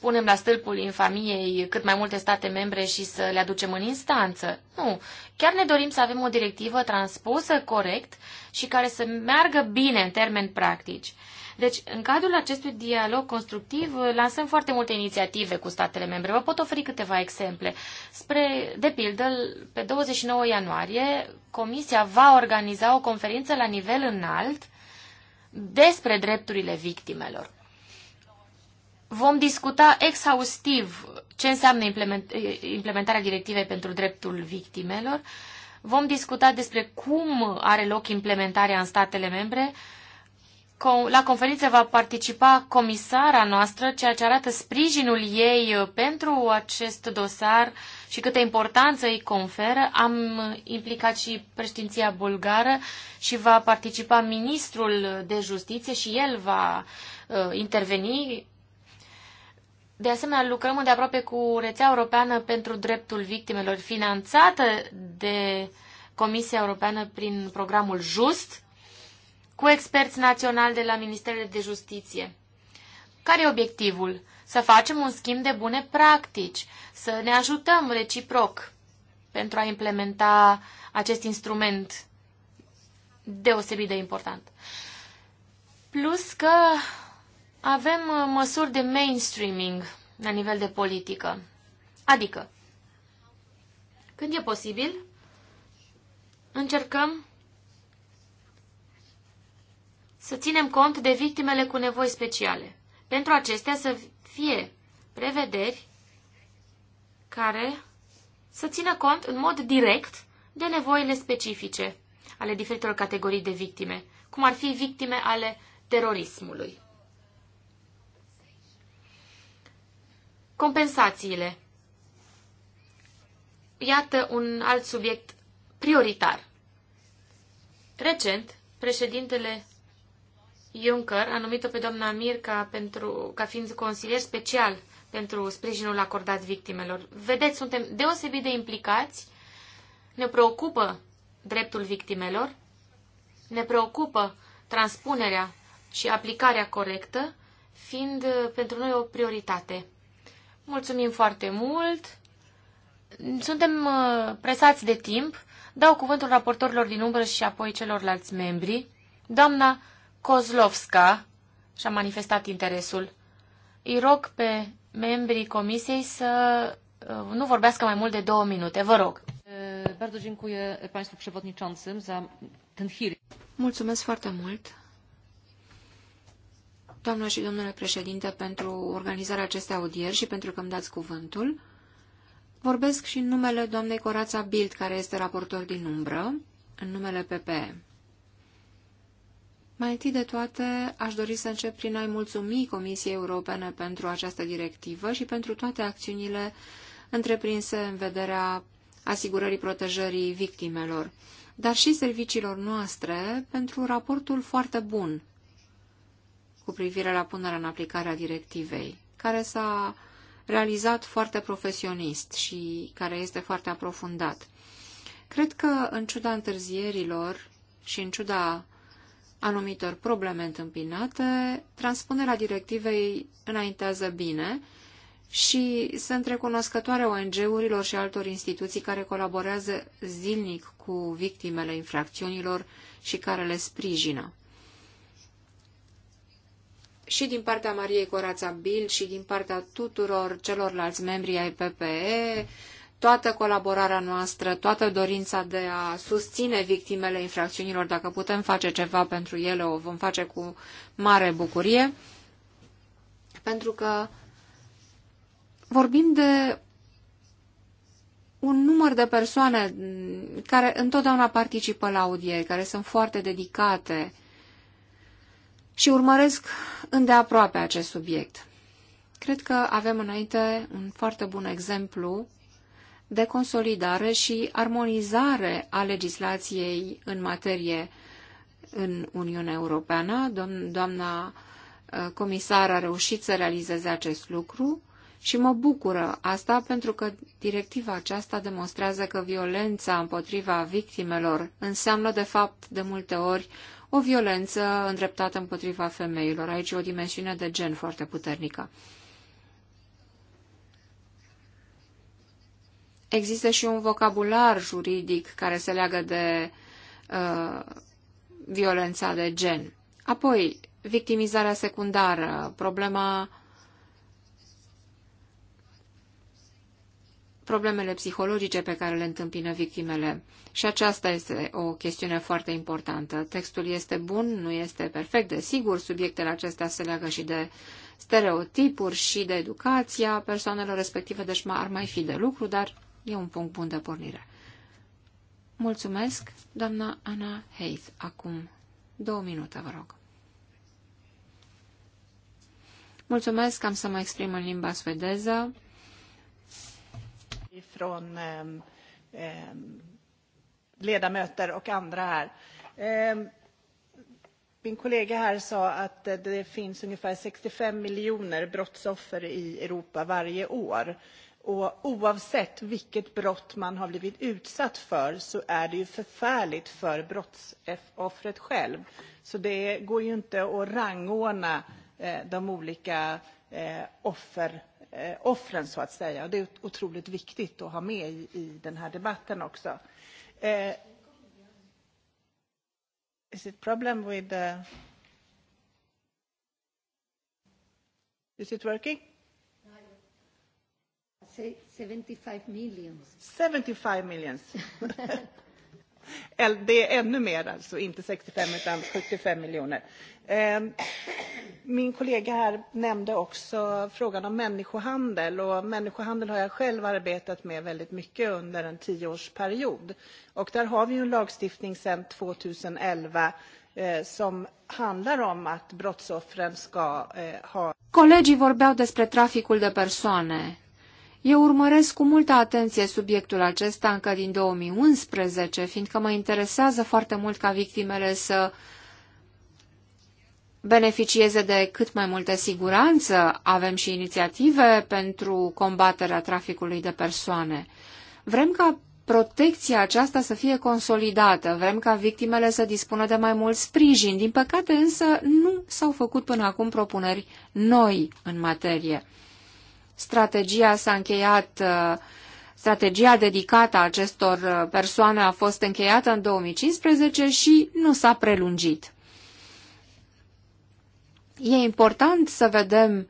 punem la stâlpul infamiei cât mai multe state membre și să le aducem în instanță. Nu. Chiar ne dorim să avem o directivă transpusă corect și care să meargă bine în termeni practici. Deci, în cadrul acestui dialog constructiv, lansăm foarte multe inițiative cu statele membre. Vă pot oferi câteva exemple. Spre, de pildă, pe 29 ianuarie, Comisia va organiza o conferință la nivel înalt despre drepturile victimelor vom discuta exhaustiv ce înseamnă implementarea directivei pentru dreptul victimelor, vom discuta despre cum are loc implementarea în statele membre. La conferință va participa comisara noastră, ceea ce arată sprijinul ei pentru acest dosar și câtă importanță îi conferă. Am implicat și președinția bulgară și va participa ministrul de justiție și el va uh, interveni de asemenea, lucrăm de aproape cu rețea europeană pentru dreptul victimelor, finanțată de Comisia Europeană prin programul JUST, cu experți naționali de la Ministerele de Justiție. Care e obiectivul? Să facem un schimb de bune practici, să ne ajutăm reciproc pentru a implementa acest instrument deosebit de important. Plus că avem uh, măsuri de mainstreaming la nivel de politică. Adică, când e posibil, încercăm să ținem cont de victimele cu nevoi speciale. Pentru acestea să fie prevederi care să țină cont în mod direct de nevoile specifice ale diferitelor categorii de victime, cum ar fi victime ale terorismului. Compensațiile. Iată un alt subiect prioritar. Recent, președintele Juncker a numit-o pe doamna Mirca pentru, ca fiind consilier special pentru sprijinul acordat victimelor. Vedeți, suntem deosebit de implicați, ne preocupă dreptul victimelor, ne preocupă transpunerea și aplicarea corectă, fiind pentru noi o prioritate. Mulțumim foarte mult. Suntem uh, presați de timp. Dau cuvântul raportorilor din umbră și apoi celorlalți membri. Doamna Kozlovska și-a manifestat interesul. Îi rog pe membrii comisiei să uh, nu vorbească mai mult de două minute. Vă rog. Mulțumesc foarte mult doamnă și domnule președinte, pentru organizarea acestei audieri și pentru că îmi dați cuvântul. Vorbesc și în numele doamnei Corața Bild, care este raportor din umbră, în numele PPE. Mai întâi de toate, aș dori să încep prin a-i mulțumi Comisiei Europene pentru această directivă și pentru toate acțiunile întreprinse în vederea asigurării protejării victimelor, dar și serviciilor noastre pentru raportul foarte bun cu privire la punerea în aplicare a directivei, care s-a realizat foarte profesionist și care este foarte aprofundat. Cred că, în ciuda întârzierilor și în ciuda anumitor probleme întâmpinate, transpunerea directivei înaintează bine și sunt recunoscătoare ONG-urilor și altor instituții care colaborează zilnic cu victimele infracțiunilor și care le sprijină și din partea Mariei Corața Bil și din partea tuturor celorlalți membri ai PPE, toată colaborarea noastră, toată dorința de a susține victimele infracțiunilor, dacă putem face ceva pentru ele, o vom face cu mare bucurie, pentru că vorbim de un număr de persoane care întotdeauna participă la audieri, care sunt foarte dedicate, și urmăresc îndeaproape acest subiect. Cred că avem înainte un foarte bun exemplu de consolidare și armonizare a legislației în materie în Uniunea Europeană. Doamna uh, comisar a reușit să realizeze acest lucru și mă bucură asta pentru că directiva aceasta demonstrează că violența împotriva victimelor înseamnă de fapt de multe ori o violență îndreptată împotriva femeilor. Aici e o dimensiune de gen foarte puternică. Există și un vocabular juridic care se leagă de uh, violența de gen. Apoi, victimizarea secundară, problema uh, problemele psihologice pe care le întâmpină victimele. Și aceasta este o chestiune foarte importantă. Textul este bun, nu este perfect, desigur, subiectele acestea se leagă și de stereotipuri și de educația persoanelor respective, deci ar mai fi de lucru, dar e un punct bun de pornire. Mulțumesc, doamna Ana Heath. Acum două minute, vă rog. Mulțumesc, am să mă exprim în limba suedeză ifrån eh, ledamöter och andra här. Eh, min kollega här sa att det finns ungefär 65 miljoner brottsoffer i Europa varje år. Och oavsett vilket brott man har blivit utsatt för så är det ju förfärligt för brottsoffret själv. Så det går ju inte att rangordna eh, de olika eh, offer Eh, offren så att säga. det är otroligt viktigt att ha med i, i den här debatten också. Uh, is it problem with the... Eh, is it working? 75 millions. 75 millions. Det är ännu mer alltså, inte 65 utan 75 miljoner. Eh, Min kollega här nämnde också frågan om människohandel och människohandel har jag själv arbetat med väldigt mycket under en tioårsperiod. Och där har vi en lagstiftning sedan 2011 eh, som handlar om att brottsoffren ska eh, ha... Colegii vorbeau despre traficul de persoane. Eu urmăresc cu multă atenție subiectul acesta încă din 2011, fiindcă mă interesează foarte mult ca victimele să beneficieze de cât mai multă siguranță. Avem și inițiative pentru combaterea traficului de persoane. Vrem ca protecția aceasta să fie consolidată, vrem ca victimele să dispună de mai mult sprijin. Din păcate însă nu s-au făcut până acum propuneri noi în materie. Strategia s-a încheiat, uh, strategia dedicată a acestor uh, persoane a fost încheiată în 2015 și nu s-a prelungit. E important să vedem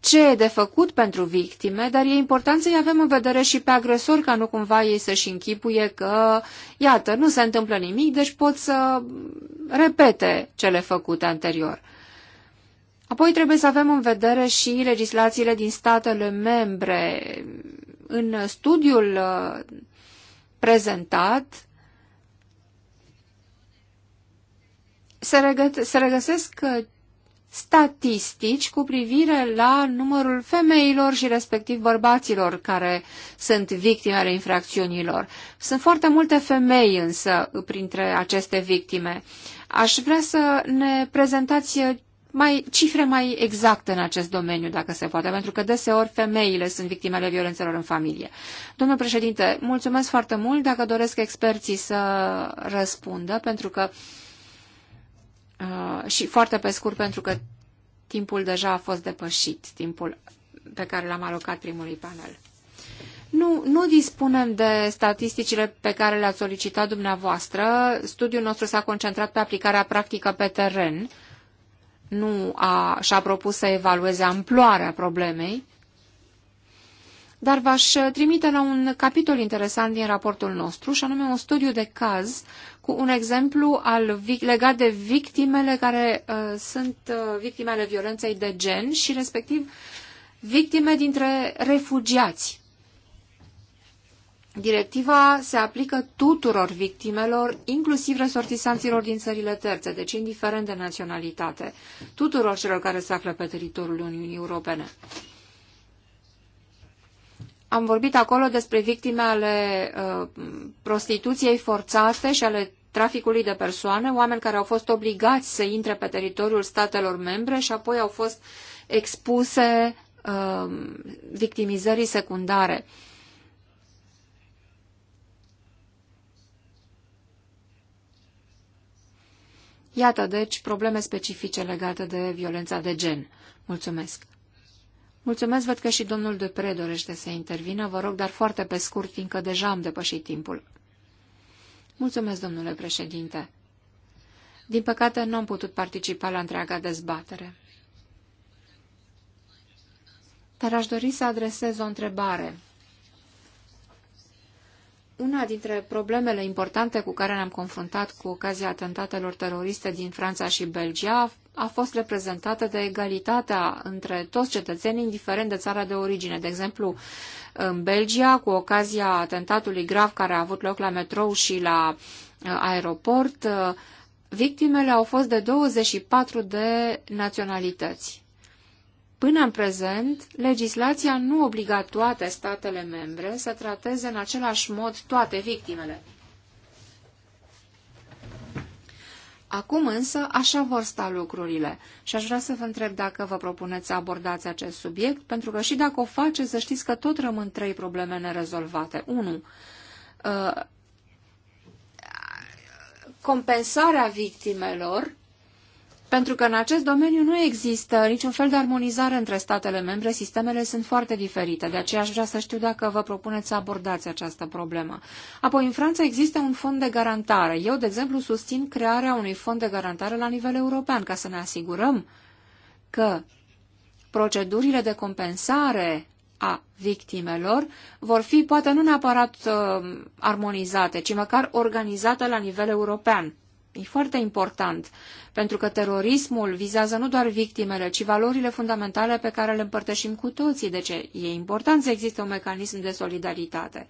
ce e de făcut pentru victime, dar e important să-i avem în vedere și pe agresori, ca nu cumva ei să-și închipuie că, iată, nu se întâmplă nimic, deci pot să repete cele făcute anterior. Apoi trebuie să avem în vedere și legislațiile din statele membre. În studiul uh, prezentat, se, regă- se regăsesc uh, statistici cu privire la numărul femeilor și respectiv bărbaților care sunt victime ale infracțiunilor. Sunt foarte multe femei însă printre aceste victime. Aș vrea să ne prezentați uh, mai, cifre mai exacte în acest domeniu, dacă se poate, pentru că deseori femeile sunt victimele violențelor în familie. Domnul președinte, mulțumesc foarte mult dacă doresc experții să răspundă, pentru că uh, Uh, și foarte pe scurt, pentru că timpul deja a fost depășit, timpul pe care l-am alocat primului panel. Nu, nu dispunem de statisticile pe care le-ați solicitat dumneavoastră. Studiul nostru s-a concentrat pe aplicarea practică pe teren. Nu a, și-a propus să evalueze amploarea problemei. Dar v-aș trimite la un capitol interesant din raportul nostru, și anume un studiu de caz cu un exemplu al, legat de victimele care uh, sunt uh, victime ale violenței de gen și respectiv victime dintre refugiați. Directiva se aplică tuturor victimelor, inclusiv resortisanților din țările terțe, deci indiferent de naționalitate, tuturor celor care se află pe teritoriul Uniunii Europene. Am vorbit acolo despre victime ale uh, prostituției forțate și ale traficului de persoane, oameni care au fost obligați să intre pe teritoriul statelor membre și apoi au fost expuse uh, victimizării secundare. Iată, deci, probleme specifice legate de violența de gen. Mulțumesc! Mulțumesc, văd că și domnul Depre dorește să intervină, vă rog, dar foarte pe scurt, fiindcă deja am depășit timpul. Mulțumesc, domnule președinte. Din păcate, nu am putut participa la întreaga dezbatere. Dar aș dori să adresez o întrebare. Una dintre problemele importante cu care ne-am confruntat cu ocazia atentatelor teroriste din Franța și Belgia a fost reprezentată de egalitatea între toți cetățenii, indiferent de țara de origine. De exemplu, în Belgia, cu ocazia atentatului grav care a avut loc la metrou și la uh, aeroport, uh, victimele au fost de 24 de naționalități. Până în prezent, legislația nu obliga toate statele membre să trateze în același mod toate victimele. Acum însă așa vor sta lucrurile și aș vrea să vă întreb dacă vă propuneți să abordați acest subiect, pentru că și dacă o faceți, să știți că tot rămân trei probleme nerezolvate. 1. Uh, compensarea victimelor pentru că în acest domeniu nu există niciun fel de armonizare între statele membre, sistemele sunt foarte diferite, de aceea aș vrea să știu dacă vă propuneți să abordați această problemă. Apoi, în Franța există un fond de garantare. Eu, de exemplu, susțin crearea unui fond de garantare la nivel european, ca să ne asigurăm că procedurile de compensare a victimelor vor fi poate nu neapărat uh, armonizate, ci măcar organizate la nivel european. E foarte important, pentru că terorismul vizează nu doar victimele, ci valorile fundamentale pe care le împărtășim cu toții, deci e important să existe un mecanism de solidaritate.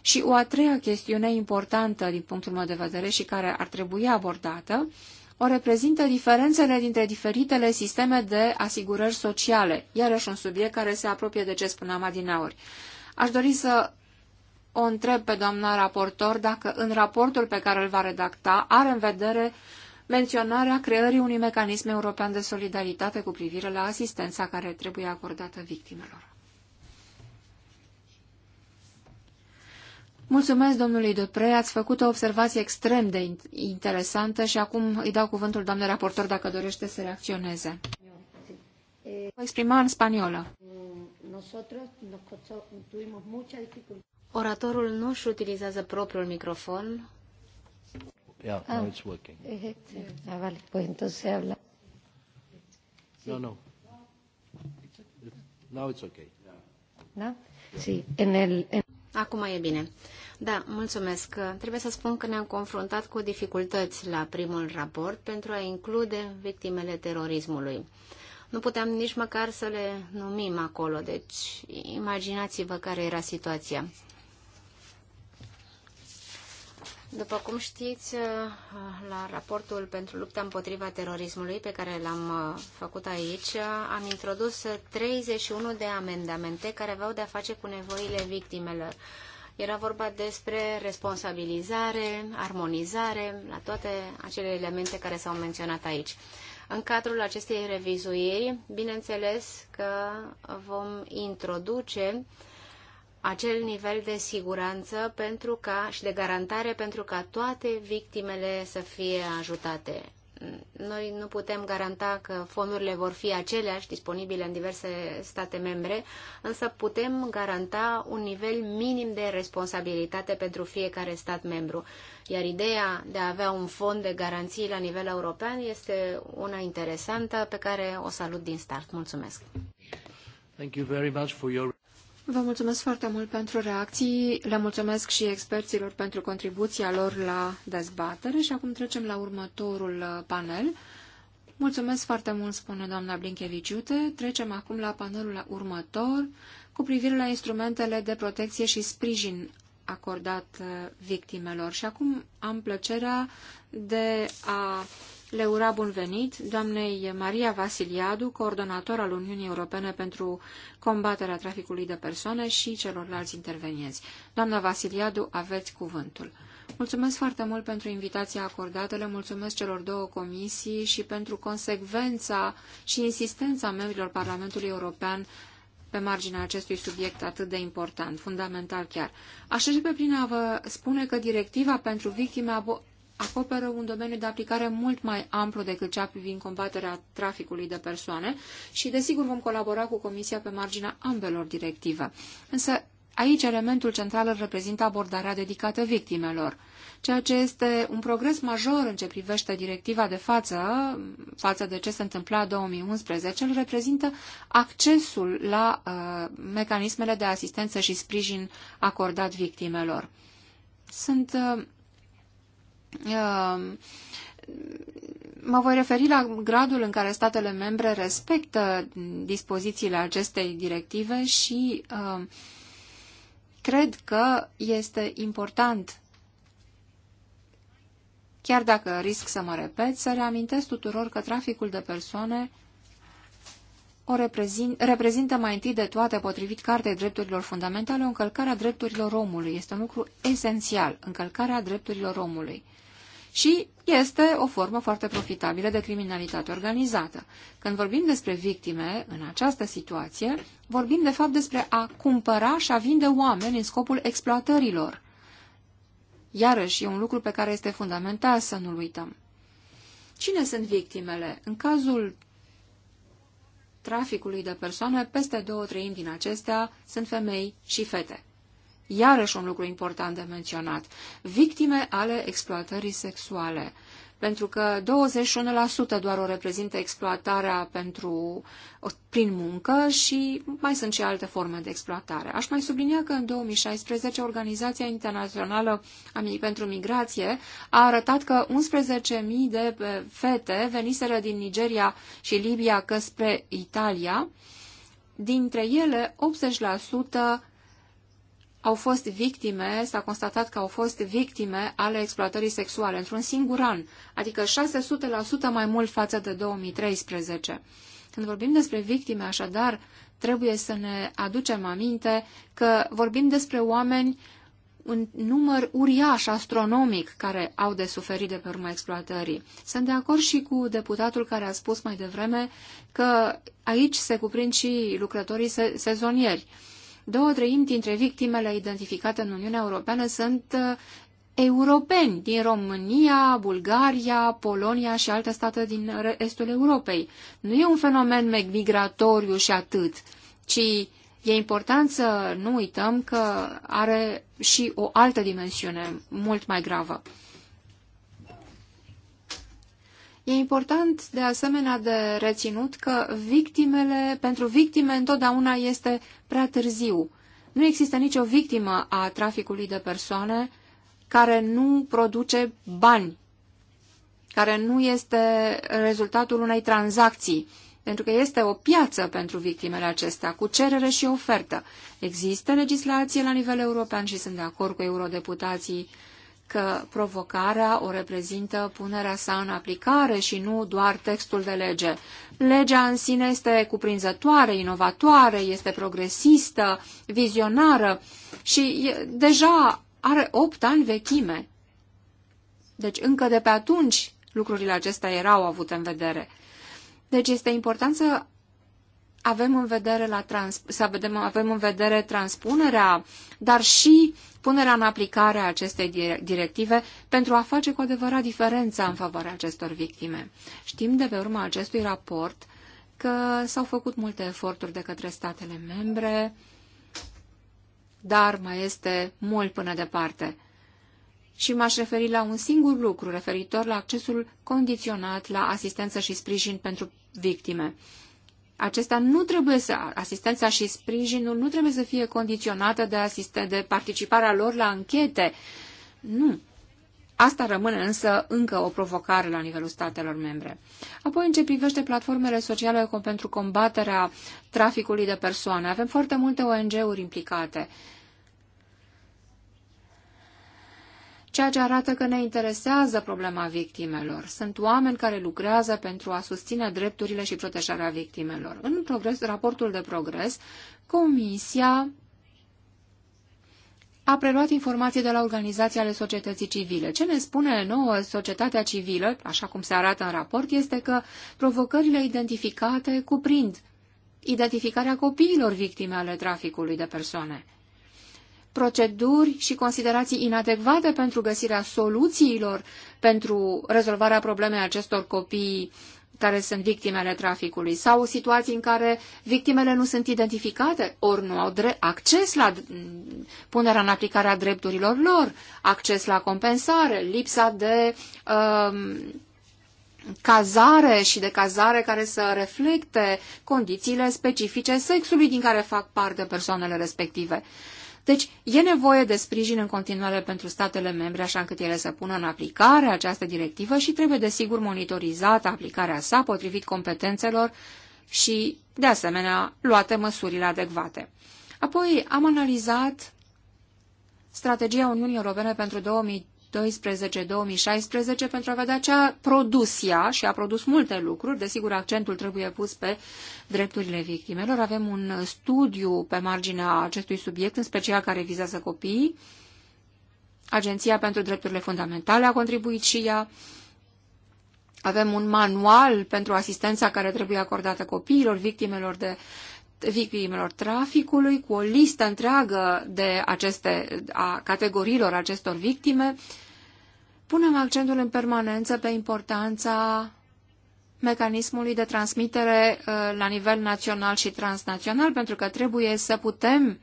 Și o a treia chestiune importantă din punctul meu de vedere și care ar trebui abordată, o reprezintă diferențele dintre diferitele sisteme de asigurări sociale, iarăși un subiect care se apropie de ce spuneam adinaori. Aș dori să o întreb pe doamna raportor dacă în raportul pe care îl va redacta are în vedere menționarea creării unui mecanism european de solidaritate cu privire la asistența care trebuie acordată victimelor. Mulțumesc, domnului Dupre, ați făcut o observație extrem de interesantă și acum îi dau cuvântul doamnei raportor dacă dorește să reacționeze. Vă exprima în spaniolă. Oratorul nu își utilizează propriul microfon. Yeah, ah. now it's working. Eh, eh, eh, ah, vale, pues entonces habla. No, no. Now it's okay. Da? Sí, en el, en... Acum e bine. Da, mulțumesc. Trebuie să spun că ne-am confruntat cu dificultăți la primul raport pentru a include victimele terorismului. Nu puteam nici măcar să le numim acolo, deci imaginați-vă care era situația. După cum știți, uh, la raportul pentru lupta împotriva terorismului pe care l-am uh, făcut aici, uh, am introdus 31 de amendamente care aveau de-a face cu nevoile victimelor. Era vorba despre responsabilizare, armonizare, la toate acele elemente care s-au menționat aici. În cadrul acestei revizuiri, bineînțeles că vom introduce uh, acel nivel de siguranță pentru ca, și de garantare pentru ca toate victimele să fie ajutate. Noi nu putem garanta că fondurile vor fi aceleași disponibile în diverse state membre, însă putem garanta un nivel minim de responsabilitate pentru fiecare stat membru. Iar ideea de a avea un fond de garanții la nivel european este una interesantă pe care o salut din start. Mulțumesc! Thank you very much for your... Vă mulțumesc foarte mult pentru reacții, le mulțumesc și experților pentru contribuția lor la dezbatere și acum trecem la următorul uh, panel. Mulțumesc foarte mult, spune doamna Blinkeviciute. Trecem acum la panelul următor cu privire la instrumentele de protecție și sprijin acordat uh, victimelor. Și acum am plăcerea de a le ura bun venit doamnei Maria Vasiliadu, coordonator al Uniunii Europene pentru combaterea traficului de persoane și celorlalți intervenienți. Doamna Vasiliadu, aveți cuvântul. Mulțumesc foarte mult pentru invitația acordată, le mulțumesc celor două comisii și pentru consecvența și insistența membrilor Parlamentului European pe marginea acestui subiect atât de important, fundamental chiar. Aș și prin a vă spune că directiva pentru victime acoperă un domeniu de aplicare mult mai amplu decât cea privind combaterea traficului de persoane și, desigur, vom colabora cu Comisia pe marginea ambelor directive. Însă, aici elementul central îl reprezintă abordarea dedicată victimelor, ceea ce este un progres major în ce privește directiva de față, față de ce se întâmpla în 2011, îl reprezintă accesul la uh, mecanismele de asistență și sprijin acordat victimelor. Sunt... Uh, Ehm, mă voi referi la gradul în care statele membre respectă dispozițiile acestei directive și ehm, cred că este important Chiar dacă risc să mă repet, să reamintesc tuturor că traficul de persoane o reprezint, reprezintă mai întâi de toate, potrivit Cartei Drepturilor Fundamentale, o încălcare a drepturilor omului. Este un lucru esențial, încălcarea drepturilor omului. Și este o formă foarte profitabilă de criminalitate organizată. Când vorbim despre victime în această situație, vorbim de fapt despre a cumpăra și a vinde oameni în scopul exploatărilor. Iarăși, e un lucru pe care este fundamental să nu-l uităm. Cine sunt victimele? În cazul traficului de persoane, peste două treimi din acestea sunt femei și fete. Iarăși un lucru important de menționat. Victime ale exploatării sexuale – pentru că 21% doar o reprezintă exploatarea pentru, prin muncă și mai sunt și alte forme de exploatare. Aș mai sublinia că în 2016 Organizația Internațională pentru Migrație a arătat că 11.000 de fete veniseră din Nigeria și Libia spre Italia, dintre ele 80% au fost victime, s-a constatat că au fost victime ale exploatării sexuale într-un singur an, adică 600% mai mult față de 2013. Când vorbim despre victime, așadar, trebuie să ne aducem aminte că vorbim despre oameni un număr uriaș, astronomic, care au de suferit de pe urma exploatării. Sunt de acord și cu deputatul care a spus mai devreme că aici se cuprind și lucrătorii se sezonieri două treimi dintre victimele identificate în Uniunea Europeană sunt uh, europeni din România, Bulgaria, Polonia și alte state din estul Europei. Nu e un fenomen migratoriu și atât, ci e important să nu uităm că are și o altă dimensiune mult mai gravă. E important de asemenea de reținut că victimele, pentru victime întotdeauna este prea târziu. Nu există nicio victimă a traficului de persoane care nu produce bani, care nu este rezultatul unei tranzacții, pentru că este o piață pentru victimele acestea, cu cerere și ofertă. Există legislație la nivel european și sunt de acord cu eurodeputații că provocarea o reprezintă punerea sa în aplicare și nu doar textul de lege. Legea în sine este cuprinzătoare, inovatoare, este progresistă, vizionară și deja are opt ani vechime. Deci încă de pe atunci lucrurile acestea erau avute în vedere. Deci este important să avem în vedere, la trans, să avem, avem în vedere transpunerea, dar și punerea în aplicare a acestei directive pentru a face cu adevărat diferența în favoarea acestor victime. Știm de pe urma acestui raport că s-au făcut multe eforturi de către statele membre, dar mai este mult până departe. Și m-aș referi la un singur lucru referitor la accesul condiționat la asistență și sprijin pentru victime acesta nu trebuie să, asistența și sprijinul nu trebuie să fie condiționată de, asiste, de participarea lor la închete. Nu. Asta rămâne însă încă o provocare la nivelul statelor membre. Apoi, în ce privește platformele sociale pentru combaterea traficului de persoane, avem foarte multe ONG-uri implicate. Uh, ceea ce arată că ne interesează problema victimelor. Sunt oameni care lucrează pentru a susține drepturile și protejarea victimelor. În progres, raportul de progres, Comisia a preluat informații de la organizații ale societății civile. Ce ne spune nouă societatea civilă, așa cum se arată în raport, este că provocările identificate cuprind identificarea copiilor victime ale traficului de persoane proceduri și considerații inadecvate pentru găsirea soluțiilor pentru rezolvarea problemei acestor copii care sunt victimele traficului sau situații în care victimele nu sunt identificate, ori nu au acces la punerea în aplicare a drepturilor lor, acces la compensare, lipsa de um, cazare și de cazare care să reflecte condițiile specifice sexului din care fac parte persoanele respective. Deci e nevoie de sprijin în continuare pentru statele membre, așa încât ele să pună în aplicare această directivă și trebuie desigur monitorizată aplicarea sa potrivit competențelor și, de asemenea, luate măsurile adecvate. Apoi am analizat strategia Uniunii Europene pentru 2020 2016-2016 pentru a vedea ce a produs ea și a produs multe lucruri. Desigur, accentul trebuie pus pe drepturile victimelor. Avem un studiu pe marginea acestui subiect, în special care vizează copiii. Agenția pentru Drepturile Fundamentale a contribuit și ea. Avem un manual pentru asistența care trebuie acordată copiilor, victimelor de victimelor traficului, cu o listă întreagă de aceste, a categoriilor acestor victime. Punem accentul în permanență pe importanța mecanismului de transmitere uh, la nivel național și transnațional, pentru că trebuie să putem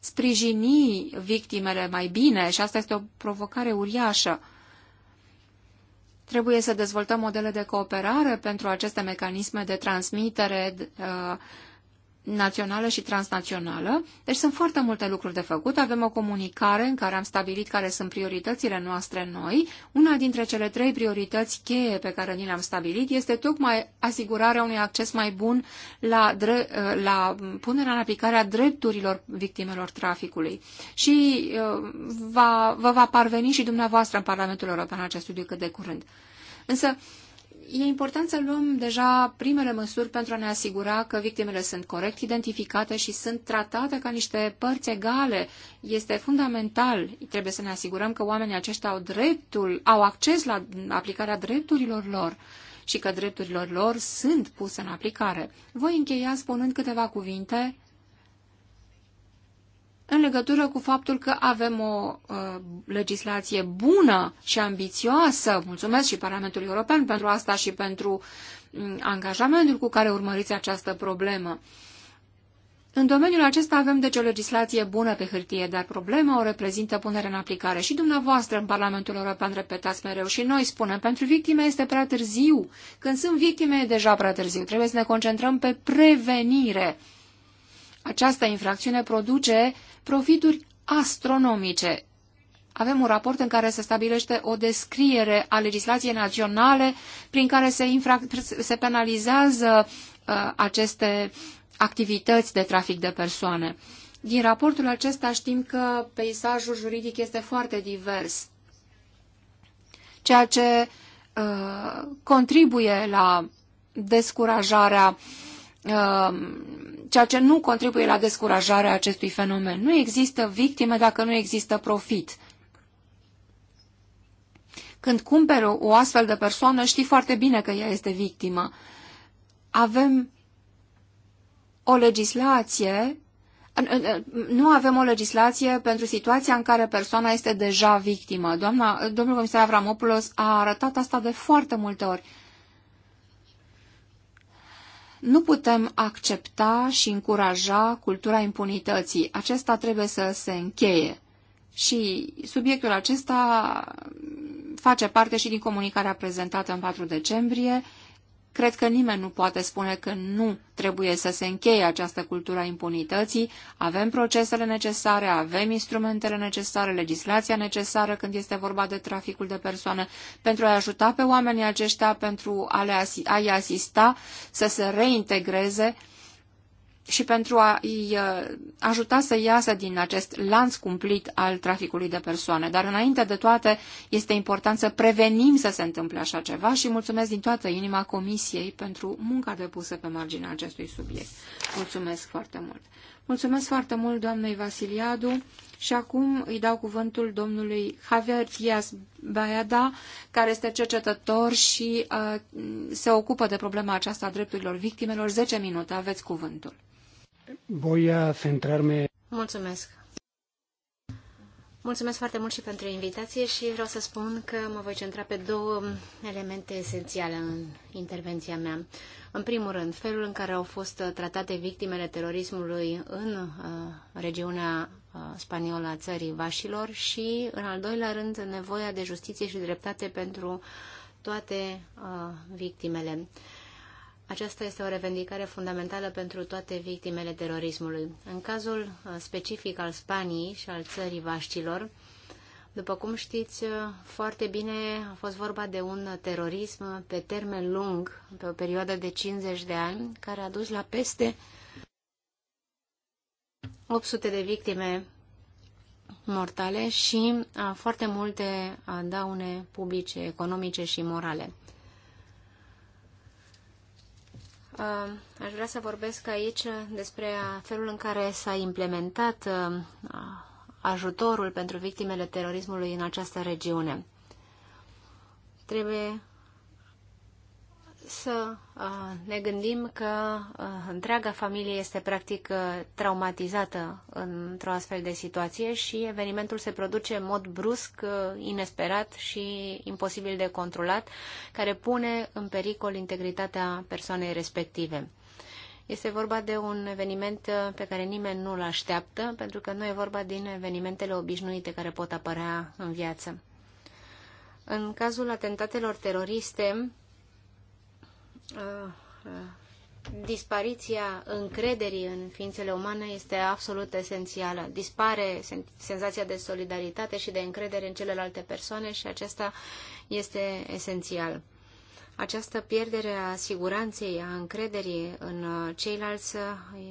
sprijini victimele mai bine și asta este o provocare uriașă. Trebuie să dezvoltăm modele de cooperare pentru aceste mecanisme de transmitere uh, națională și transnațională. Deci sunt foarte multe lucruri de făcut. Avem o comunicare în care am stabilit care sunt prioritățile noastre noi. Una dintre cele trei priorități cheie pe care ni le-am stabilit este tocmai asigurarea unui acces mai bun la, la punerea în aplicare a drepturilor victimelor traficului. Și uh, va, vă va parveni și dumneavoastră în Parlamentul European acest studiu cât de curând. Însă, e important să luăm deja primele măsuri pentru a ne asigura că victimele sunt corect identificate și sunt tratate ca niște părți egale. Este fundamental, trebuie să ne asigurăm că oamenii aceștia au dreptul, au acces la aplicarea drepturilor lor și că drepturilor lor sunt puse în aplicare. Voi încheia spunând câteva cuvinte în legătură cu faptul că avem o uh, legislație bună și ambițioasă. Mulțumesc și Parlamentului European pentru asta și pentru mm, angajamentul cu care urmăriți această problemă. În domeniul acesta avem deci o legislație bună pe hârtie, dar problema o reprezintă punerea în aplicare. Și dumneavoastră în Parlamentul European repetați mereu și noi spunem, pentru victime este prea târziu. Când sunt victime e deja prea târziu. Trebuie să ne concentrăm pe prevenire. Această infracțiune produce profituri astronomice. Avem un raport în care se stabilește o descriere a legislației naționale prin care se, se penalizează uh, aceste activități de trafic de persoane. Din raportul acesta știm că peisajul juridic este foarte divers, ceea ce uh, contribuie la descurajarea uh, ceea ce nu contribuie la descurajarea acestui fenomen. Nu există victime dacă nu există profit. Când cumperi o astfel de persoană, știi foarte bine că ea este victimă. Avem o legislație, nu avem o legislație pentru situația în care persoana este deja victimă. Doamna, domnul comisar Avramopoulos a arătat asta de foarte multe ori. Nu putem accepta și încuraja cultura impunității. Acesta trebuie să se încheie. Și subiectul acesta face parte și din comunicarea prezentată în 4 decembrie Cred că nimeni nu poate spune că nu trebuie să se încheie această cultură a impunității. Avem procesele necesare, avem instrumentele necesare, legislația necesară când este vorba de traficul de persoane, pentru a ajuta pe oamenii aceștia, pentru a-i asista să se reintegreze uh, și pentru a îi uh, ajuta să iasă din acest lanț cumplit al traficului de persoane. Dar înainte de toate, este important să prevenim să se întâmple așa ceva și mulțumesc din toată inima Comisiei pentru munca depusă pe marginea acestui subiect. Mulțumesc foarte mult! Mulțumesc foarte mult doamnei Vasiliadu și acum îi dau cuvântul domnului Javier Tias Baeda, care este cercetător și uh, se ocupă de problema aceasta a drepturilor victimelor. 10 minute, aveți cuvântul. Voi a centrarme... Mulțumesc! Mulțumesc foarte mult și pentru invitație și vreau să spun că mă voi centra pe două elemente esențiale în intervenția mea. În primul rând, felul în care au fost uh, tratate victimele terorismului în uh, regiunea uh, spaniolă a țării Vașilor și, în al doilea rând, nevoia de justiție și dreptate pentru toate uh, victimele. Uh, aceasta este o revendicare fundamentală pentru toate victimele terorismului. În cazul uh, specific al Spaniei și al țării Vaștilor, după cum știți uh, foarte bine, a fost vorba de un terorism pe termen lung, pe o perioadă de 50 de ani, care a dus la peste 800 de victime mortale și uh, foarte multe daune publice, economice și morale. Uh, aș vrea să vorbesc aici despre felul în care s-a implementat uh, ajutorul pentru victimele terorismului în această regiune. Trebuie să ne gândim că întreaga familie este practic traumatizată într-o astfel de situație și evenimentul se produce în mod brusc, inesperat și imposibil de controlat, care pune în pericol integritatea persoanei respective. Este vorba de un eveniment pe care nimeni nu-l așteaptă, pentru că nu e vorba din evenimentele obișnuite care pot apărea în viață. În cazul atentatelor teroriste, Ah, ah. dispariția încrederii în ființele umane este absolut esențială. Dispare senzația de solidaritate și de încredere în celelalte persoane și acesta este esențial. Această pierdere a siguranței, a încrederii în uh, ceilalți uh,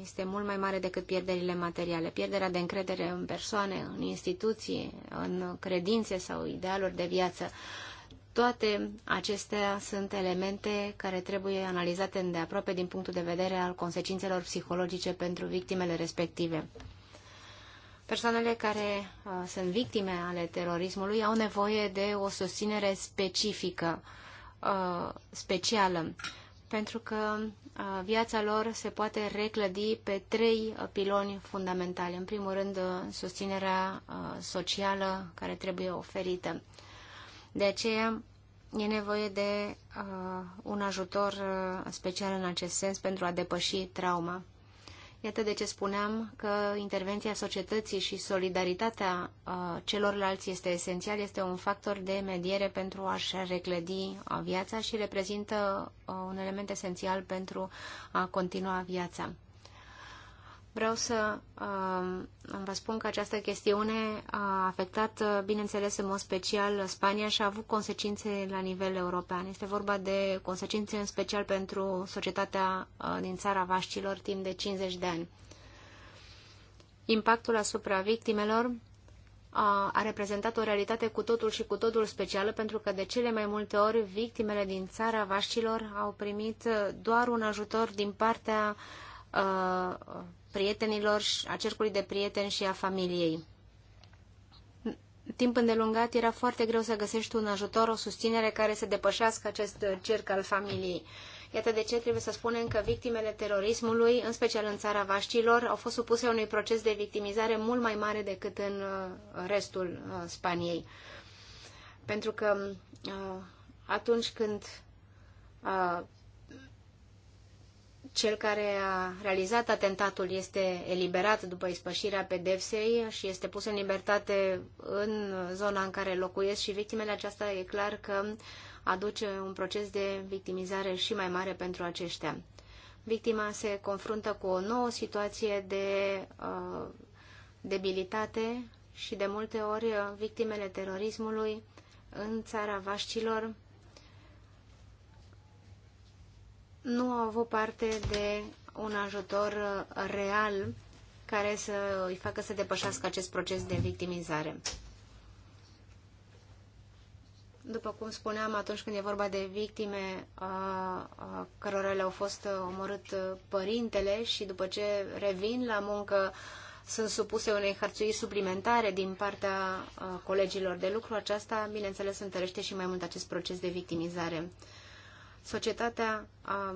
este mult mai mare decât pierderile materiale. Pierderea de încredere în persoane, în instituții, în credințe sau idealuri de viață. Toate acestea sunt elemente care trebuie analizate îndeaproape din punctul de vedere al consecințelor psihologice pentru victimele respective. Persoanele care uh, sunt victime ale terorismului au nevoie de o susținere specifică, uh, specială, pentru că uh, viața lor se poate reclădi pe trei uh, piloni fundamentali. În primul rând, uh, susținerea uh, socială care trebuie oferită. Uh, de aceea e nevoie de uh, un ajutor uh, special în acest sens pentru a depăși trauma. Iată de ce spuneam că intervenția societății și solidaritatea uh, celorlalți este esențial, este un factor de mediere pentru a-și reclădi uh, viața și reprezintă uh, un element esențial pentru a continua viața. Vreau să uh, vă spun că această chestiune a afectat, uh, bineînțeles, în mod special Spania și a avut consecințe la nivel european. Este vorba de consecințe în special pentru societatea uh, din țara Vaștilor timp de 50 de ani. Impactul asupra victimelor uh, a reprezentat o realitate cu totul și cu totul specială, pentru că de cele mai multe ori victimele din țara vaștilor au primit uh, doar un ajutor din partea uh, prietenilor, a cercului de prieteni și a familiei. Timp îndelungat era foarte greu să găsești un ajutor, o susținere care să depășească acest cerc al familiei. Iată de ce trebuie să spunem că victimele terorismului, în special în țara vaștilor, au fost supuse unui proces de victimizare mult mai mare decât în uh, restul uh, Spaniei. Pentru că uh, atunci când cel care a realizat atentatul este eliberat după ispășirea pedepsei și este pus în libertate în zona în care locuiesc și victimele aceasta e clar că aduce un proces de victimizare și mai mare pentru aceștia. Victima se confruntă cu o nouă situație de uh, debilitate și de multe ori victimele terorismului în țara vaștilor nu au avut parte de un ajutor real care să îi facă să depășească acest proces de victimizare. După cum spuneam, atunci când e vorba de victime a, a cărora le-au fost omorât părintele și după ce revin la muncă, sunt supuse unei hărțuiri suplimentare din partea a, colegilor de lucru, aceasta, bineînțeles, întărește și mai mult acest proces de victimizare. Societatea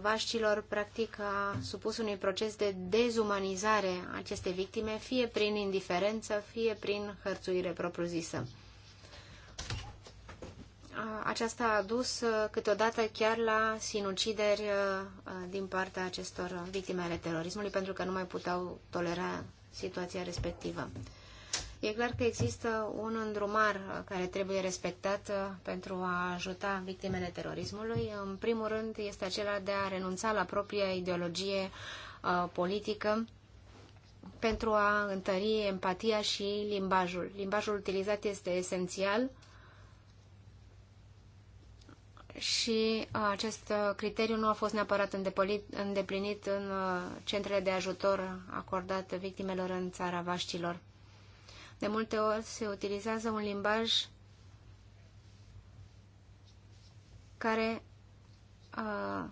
vaștilor, practic, a supus unui proces de dezumanizare a aceste victime, fie prin indiferență, fie prin hărțuire propriu-zisă. Aceasta a dus uh, câteodată chiar la sinucideri uh, uh, din partea acestor victime ale terorismului, pentru că nu mai puteau tolera situația respectivă. E clar că există un îndrumar care trebuie respectat uh, pentru a ajuta victimele terorismului. În primul rând este acela de a renunța la propria ideologie uh, politică pentru a întări empatia și limbajul. Limbajul utilizat este esențial și uh, acest criteriu nu a fost neapărat îndeplinit în centrele de ajutor acordate victimelor în țara Vaștilor. De multe ori se utilizează un limbaj care a,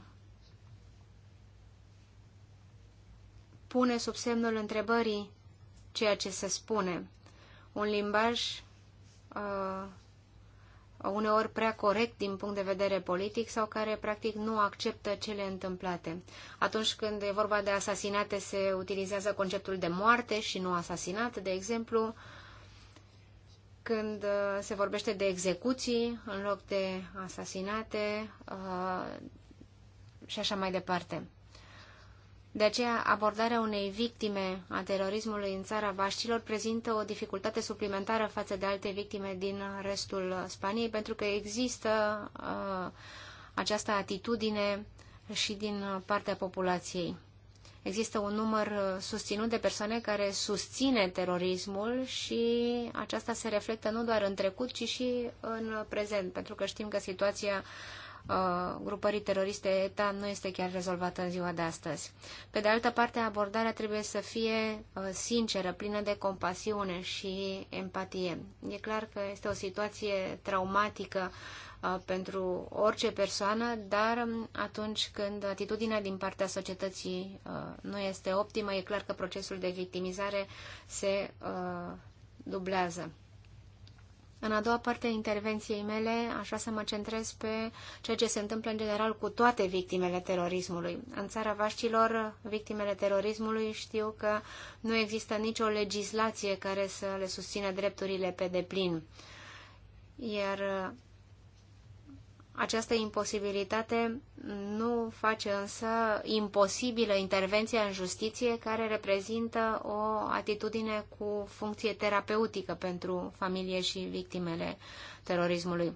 pune sub semnul întrebării ceea ce se spune. Un limbaj a, uneori prea corect din punct de vedere politic sau care practic nu acceptă cele întâmplate. Atunci când e vorba de asasinate se utilizează conceptul de moarte și nu asasinat, de exemplu, când uh, se vorbește de execuții în loc de asasinate uh, și așa mai departe. De aceea, abordarea unei victime a terorismului în țara Baștilor prezintă o dificultate suplimentară față de alte victime din restul Spaniei, pentru că există uh, această atitudine și din partea populației. Există un număr uh, susținut de persoane care susține terorismul și aceasta se reflectă nu doar în trecut, ci și în prezent, pentru că știm că situația uh, grupării teroriste ETA nu este chiar rezolvată în ziua de astăzi. Pe de altă parte, abordarea trebuie să fie uh, sinceră, plină de compasiune și empatie. E clar că este o situație traumatică Uh, pentru orice persoană, dar um, atunci când atitudinea din partea societății uh, nu este optimă, e clar că procesul de victimizare se uh, dublează. În a doua parte a intervenției mele, așa să mă centrez pe ceea ce se întâmplă în general cu toate victimele terorismului. În țara vaștilor, victimele terorismului știu că nu există nicio legislație care să le susțină drepturile pe deplin. Iar această imposibilitate nu face însă imposibilă intervenția în justiție care reprezintă o atitudine cu funcție terapeutică pentru familie și victimele terorismului.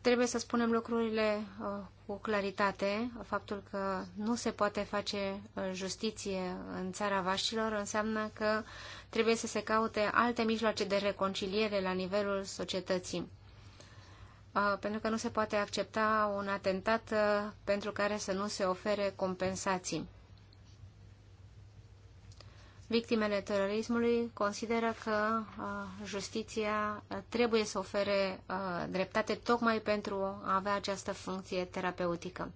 Trebuie să spunem lucrurile uh, cu claritate. Faptul că nu se poate face uh, justiție în țara vașilor înseamnă că trebuie să se caute alte mijloace de reconciliere la nivelul societății Uh, pentru că nu se poate accepta un atentat uh, pentru care să nu se ofere compensații. Victimele terorismului consideră că uh, justiția trebuie să ofere dreptate tocmai pentru a avea această funcție terapeutică.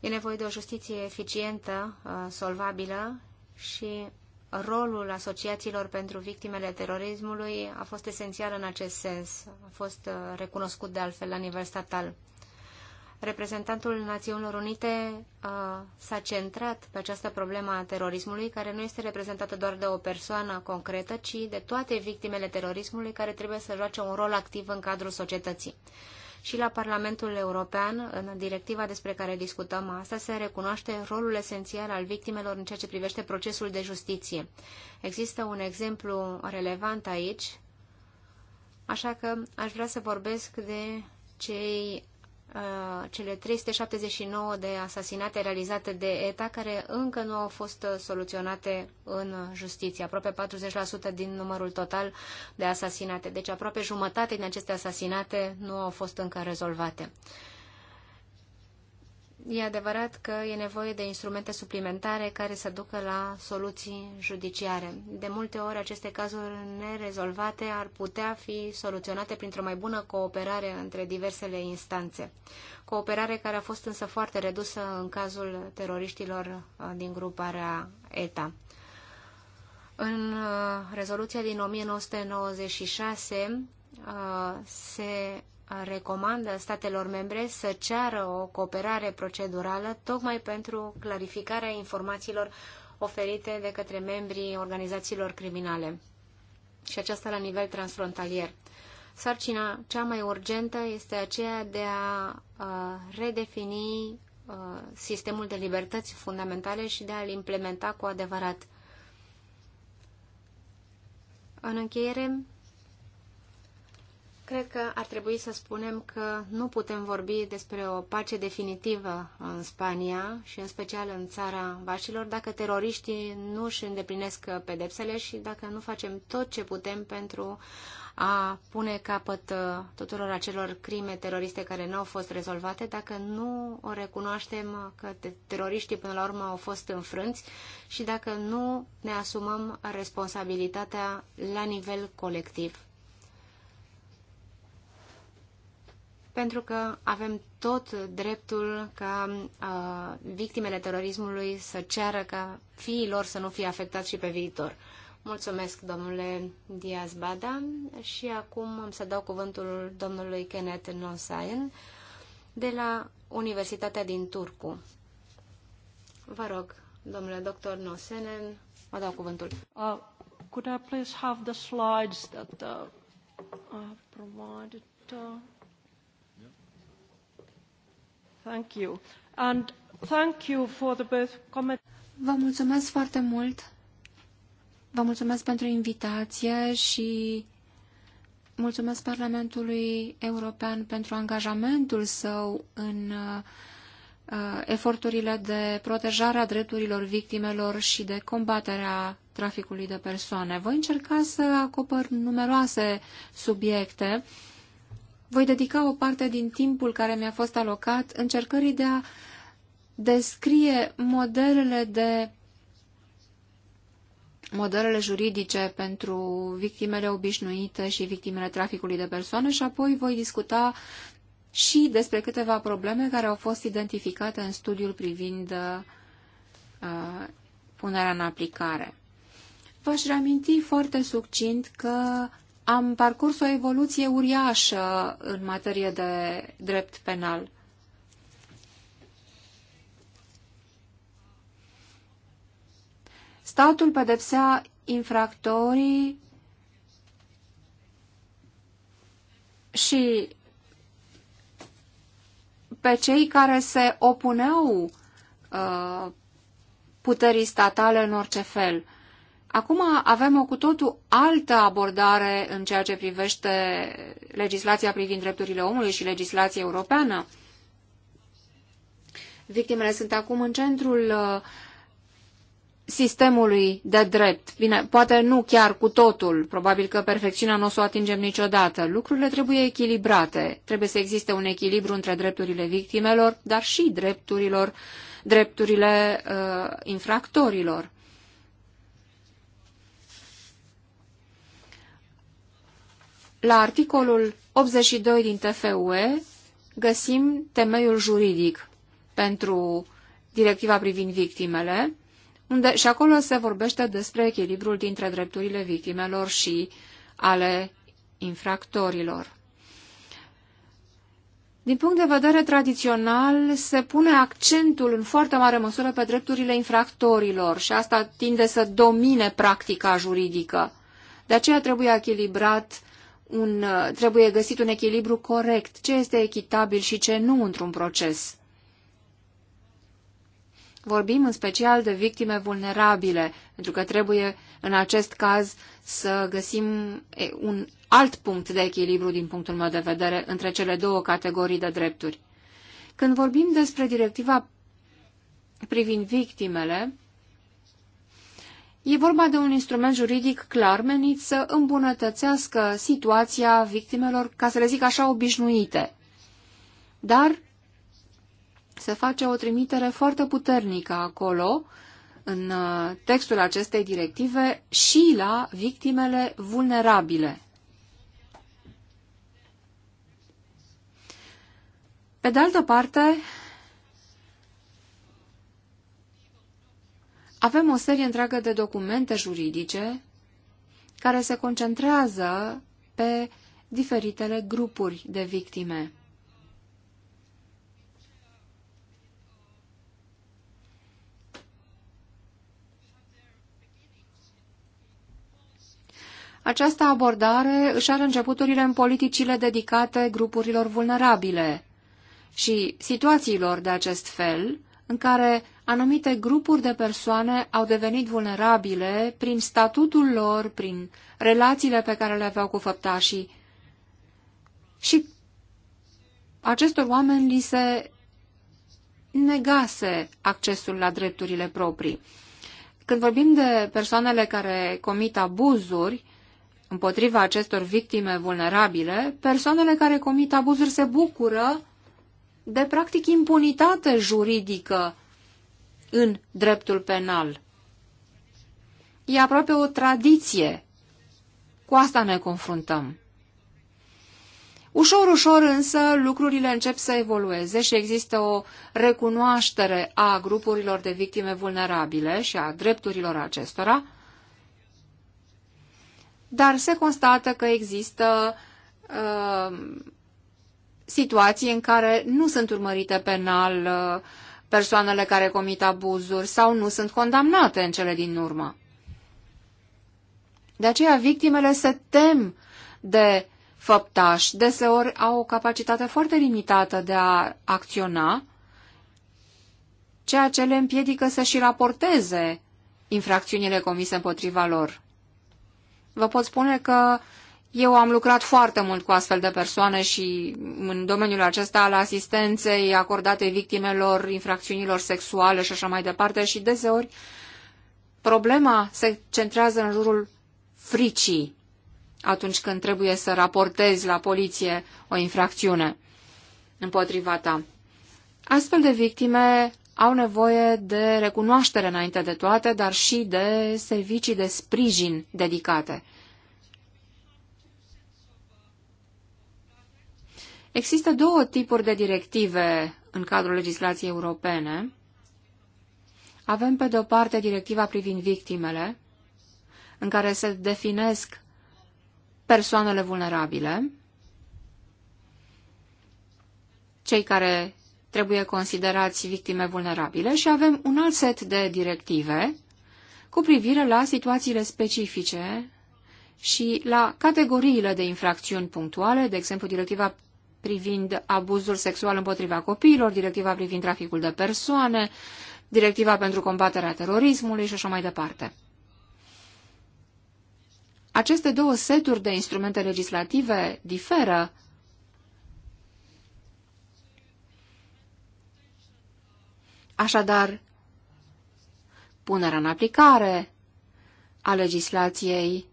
E nevoie de o justiție eficientă, solvabilă și rolul asociațiilor pentru victimele terorismului a fost esențial în acest sens. A fost uh, recunoscut de altfel la nivel statal. Reprezentantul Națiunilor Unite uh, s-a centrat pe această problemă a terorismului, care nu este reprezentată doar de o persoană concretă, ci de toate victimele terorismului care trebuie să joace un rol activ în cadrul societății și la Parlamentul European, în directiva despre care discutăm asta, se recunoaște rolul esențial al victimelor în ceea ce privește procesul de justiție. Există un exemplu relevant aici, așa că aș vrea să vorbesc de cei Uh, cele 379 de asasinate realizate de ETA, care încă nu au fost uh, soluționate în justiție, aproape 40% din numărul total de asasinate. Deci aproape jumătate din aceste asasinate nu au fost încă rezolvate. E adevărat că e nevoie de instrumente suplimentare care să ducă la soluții judiciare. De multe ori, aceste cazuri nerezolvate ar putea fi soluționate printr-o mai bună cooperare între diversele instanțe. Cooperare care a fost însă foarte redusă în cazul teroriștilor uh, din gruparea ETA. În uh, rezoluția din 1996 uh, se recomandă statelor membre să ceară o cooperare procedurală tocmai pentru clarificarea informațiilor oferite de către membrii organizațiilor criminale și aceasta la nivel transfrontalier. Sarcina cea mai urgentă este aceea de a redefini sistemul de libertăți fundamentale și de a-l implementa cu adevărat. În încheiere, Cred că ar trebui să spunem că nu putem vorbi despre o pace definitivă în Spania și în special în țara vașilor dacă teroriștii nu își îndeplinesc pedepsele și dacă nu facem tot ce putem pentru a pune capăt uh, tuturor acelor crime teroriste care nu au fost rezolvate, dacă nu o recunoaștem că teroriștii până la urmă au fost înfrânți și dacă nu ne asumăm responsabilitatea la nivel colectiv. pentru că avem tot dreptul ca uh, victimele terorismului să ceară ca fiii lor să nu fie afectați și pe viitor. Mulțumesc, domnule Diaz Bada, și acum am să dau cuvântul domnului Kenneth Nonsayen de la Universitatea din Turcu. Vă rog, domnule doctor Nosenen, vă dau cuvântul. Uh, could I please have the slides that uh, are provided? Uh... Thank you. And thank you for the comment. Vă mulțumesc foarte mult. Vă mulțumesc pentru invitație și mulțumesc Parlamentului European pentru angajamentul său în uh, eforturile de protejare a drepturilor victimelor și de combaterea traficului de persoane. Voi încerca să acopăr numeroase subiecte voi dedica o parte din timpul care mi-a fost alocat încercării de a descrie modelele de modelele juridice pentru victimele obișnuite și victimele traficului de persoane și apoi voi discuta și despre câteva probleme care au fost identificate în studiul privind uh, punerea în aplicare. V-aș reaminti foarte succint că am parcurs o evoluție uriașă în materie de drept penal. Statul pedepsea infractorii și pe cei care se opuneau uh, puterii statale în orice fel. Acum avem o cu totul altă abordare în ceea ce privește legislația privind drepturile omului și legislația europeană. Victimele sunt acum în centrul uh, sistemului de drept. Bine, poate nu chiar cu totul, probabil că perfecțiunea nu o să o atingem niciodată. Lucrurile trebuie echilibrate. Trebuie să existe un echilibru între drepturile victimelor, dar și drepturilor, drepturile uh, infractorilor. La articolul 82 din TFUE găsim temeiul juridic pentru directiva privind victimele, unde și acolo se vorbește despre echilibrul dintre drepturile victimelor și ale infractorilor. Din punct de vedere tradițional, se pune accentul în foarte mare măsură pe drepturile infractorilor și asta tinde să domine practica juridică. De aceea trebuie echilibrat un, uh, trebuie găsit un echilibru corect, ce este echitabil și ce nu într-un proces. Vorbim în special de victime vulnerabile, pentru că trebuie în acest caz să găsim un alt punct de echilibru din punctul meu de vedere între cele două categorii de drepturi. Când vorbim despre directiva privind victimele, E vorba de un instrument juridic clar menit să îmbunătățească situația victimelor, ca să le zic așa, obișnuite. Dar se face o trimitere foarte puternică acolo, în uh, textul acestei directive, și la victimele vulnerabile. Pe de altă parte, Avem o serie întreagă de documente juridice care se concentrează pe diferitele grupuri de victime. Această abordare își are începuturile în politicile dedicate grupurilor vulnerabile și situațiilor de acest fel, în care anumite grupuri de persoane au devenit vulnerabile prin statutul lor, prin relațiile pe care le aveau cu făptașii. Și acestor oameni li se negase accesul la drepturile proprii. Când vorbim de persoanele care comit abuzuri, împotriva acestor victime vulnerabile, persoanele care comit abuzuri se bucură de practic impunitate juridică în dreptul penal. E aproape o tradiție. Cu asta ne confruntăm. Ușor, ușor însă lucrurile încep să evolueze și există o recunoaștere a grupurilor de victime vulnerabile și a drepturilor acestora, dar se constată că există uh, situații în care nu sunt urmărite penal uh, persoanele care comit abuzuri sau nu sunt condamnate în cele din urmă. De aceea, victimele se tem de făptași, deseori au o capacitate foarte limitată de a acționa, ceea ce le împiedică să și raporteze infracțiunile comise împotriva lor. Vă pot spune că eu am lucrat foarte mult cu astfel de persoane și în domeniul acesta al asistenței acordate victimelor infracțiunilor sexuale și așa mai departe și deseori problema se centrează în jurul fricii atunci când trebuie să raportezi la poliție o infracțiune împotriva ta. Astfel de victime au nevoie de recunoaștere înainte de toate, dar și de servicii de sprijin dedicate. Există două tipuri de directive în cadrul legislației europene. Avem, pe de-o parte, directiva privind victimele, în care se definesc persoanele vulnerabile, cei care trebuie considerați victime vulnerabile și avem un alt set de directive cu privire la situațiile specifice și la categoriile de infracțiuni punctuale, de exemplu directiva privind abuzul sexual împotriva copiilor, directiva privind traficul de persoane, directiva pentru combaterea terorismului și așa mai departe. Aceste două seturi de instrumente legislative diferă Așadar, punerea în aplicare a legislației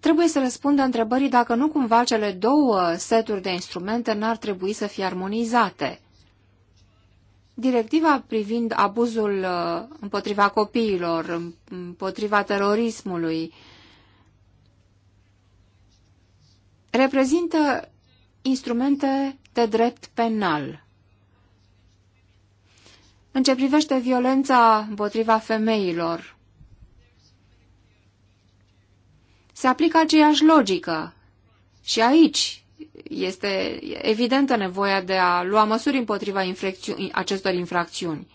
trebuie să răspundă întrebării dacă nu cumva cele două seturi de instrumente n-ar trebui să fie armonizate. Directiva privind abuzul uh, împotriva copiilor, împotriva terorismului, reprezintă instrumente de drept penal. În ce privește violența împotriva femeilor, se aplică aceeași logică. Și aici este evidentă nevoia de a lua măsuri împotriva infracțiuni, acestor infracțiuni.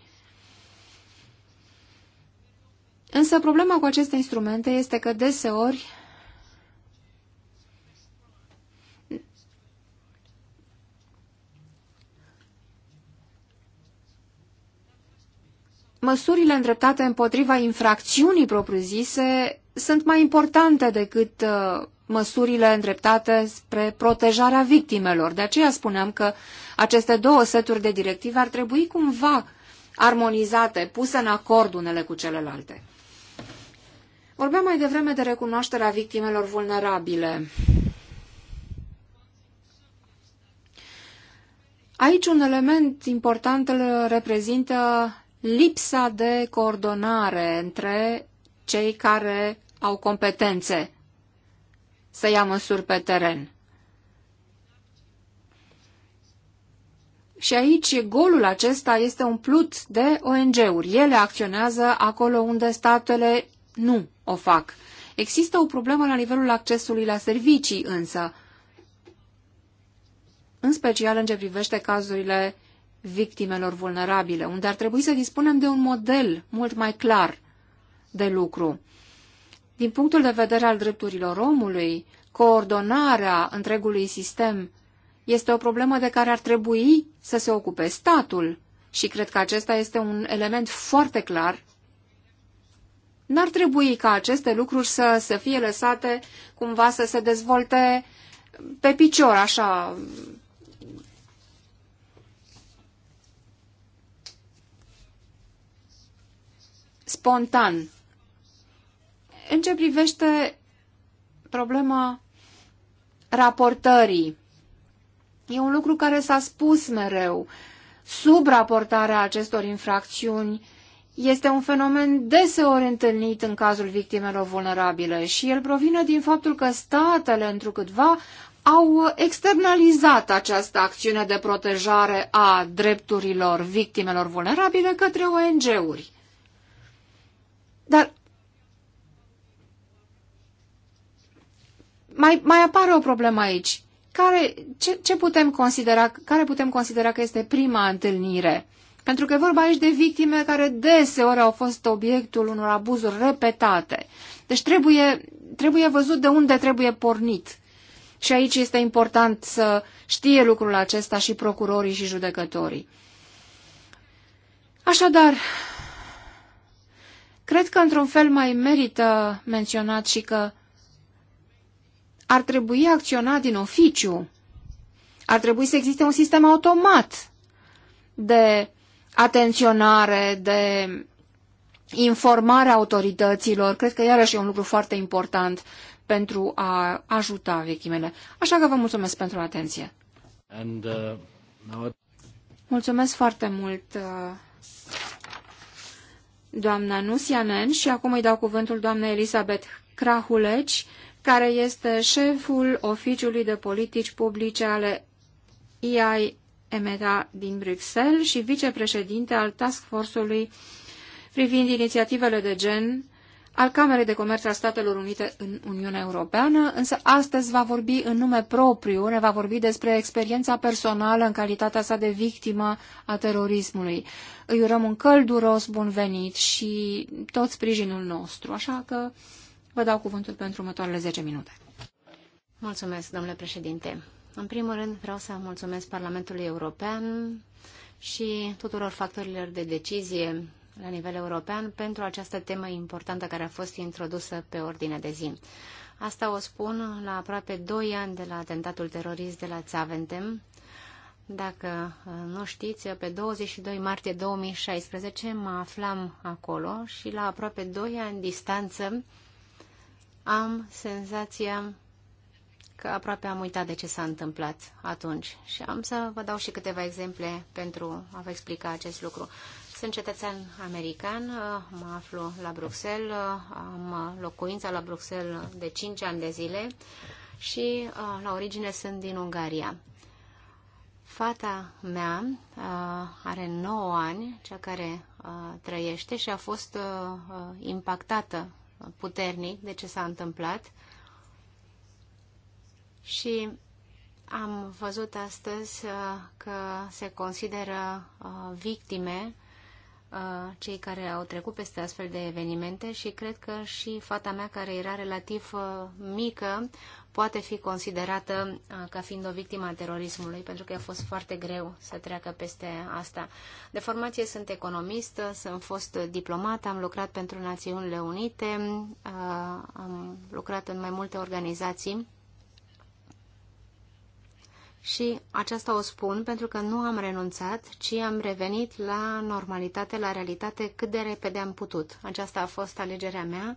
Însă problema cu aceste instrumente este că deseori măsurile îndreptate împotriva infracțiunii propriu-zise sunt mai importante decât uh, măsurile îndreptate spre protejarea victimelor. De aceea spuneam că aceste două seturi de directive ar trebui cumva armonizate, puse în acord unele cu celelalte. Vorbeam mai devreme de recunoașterea victimelor vulnerabile. Aici un element important îl reprezintă lipsa de coordonare între cei care au competențe să ia măsuri pe teren. Și aici golul acesta este umplut de ONG-uri. Ele acționează acolo unde statele nu o fac. Există o problemă la nivelul accesului la servicii însă, în special în ce privește cazurile victimelor vulnerabile, unde ar trebui să dispunem de un model mult mai clar de lucru. Din punctul de vedere al drepturilor omului, coordonarea întregului sistem este o problemă de care ar trebui să se ocupe statul și cred că acesta este un element foarte clar. N-ar trebui ca aceste lucruri să, să fie lăsate cumva să se dezvolte pe picior, așa, spontan. În ce privește problema raportării, e un lucru care s-a spus mereu. Subraportarea acestor infracțiuni este un fenomen deseori întâlnit în cazul victimelor vulnerabile și el provine din faptul că statele, întrucâtva, au externalizat această acțiune de protejare a drepturilor victimelor vulnerabile către ONG-uri. Dar mai, mai apare o problemă aici. Care, ce, ce putem considera, care putem considera că este prima întâlnire? Pentru că vorba aici de victime care deseori au fost obiectul unor abuzuri repetate. Deci trebuie, trebuie văzut de unde trebuie pornit. Și aici este important să știe lucrul acesta și procurorii și judecătorii. Așadar, cred că într-un fel mai merită menționat și că ar trebui acționat din oficiu. Ar trebui să existe un sistem automat de atenționare, de informare autorităților. Cred că iarăși e un lucru foarte important pentru a ajuta vechimele. Așa că vă mulțumesc pentru atenție. And, uh, now... Mulțumesc foarte mult, uh, doamna Nusianen, și acum îi dau cuvântul doamnei Elisabeth Crahuleci, care este șeful Oficiului de Politici Publice ale EMETA din Bruxelles și vicepreședinte al Task Force-ului privind inițiativele de gen al Camerei de Comerț al Statelor Unite în Uniunea Europeană, însă astăzi va vorbi în nume propriu, ne va vorbi despre experiența personală în calitatea sa de victimă a terorismului. Îi urăm un călduros bun venit și tot sprijinul nostru, așa că Vă dau cuvântul pentru următoarele 10 minute. Mulțumesc, domnule președinte. În primul rând, vreau să mulțumesc Parlamentului European și tuturor factorilor de decizie la nivel european pentru această temă importantă care a fost introdusă pe ordine de zi. Asta o spun la aproape 2 ani de la atentatul terorist de la Țaventem. Dacă uh, nu știți, pe 22 martie 2016 mă aflam acolo și la aproape 2 ani distanță am senzația că aproape am uitat de ce s-a întâmplat atunci. Și am să vă dau și câteva exemple pentru a vă explica acest lucru. Sunt cetățean american, uh, mă aflu la Bruxelles, uh, am locuința la Bruxelles de 5 ani de zile și uh, la origine sunt din Ungaria. Fata mea are 9 ani, cea care trăiește și a fost impactată puternic de ce s-a întâmplat și am văzut astăzi uh, că se consideră uh, victime uh, cei care au trecut peste astfel de evenimente și cred că și fata mea, care era relativ mică, poate fi considerată ca fiind o victimă a terorismului, pentru că a fost foarte greu să treacă peste asta. De formație sunt economist, sunt fost diplomat, am lucrat pentru Națiunile Unite, am lucrat în mai multe organizații și aceasta o spun pentru că nu am renunțat, ci am revenit la normalitate, la realitate cât de repede am putut. Aceasta a fost alegerea mea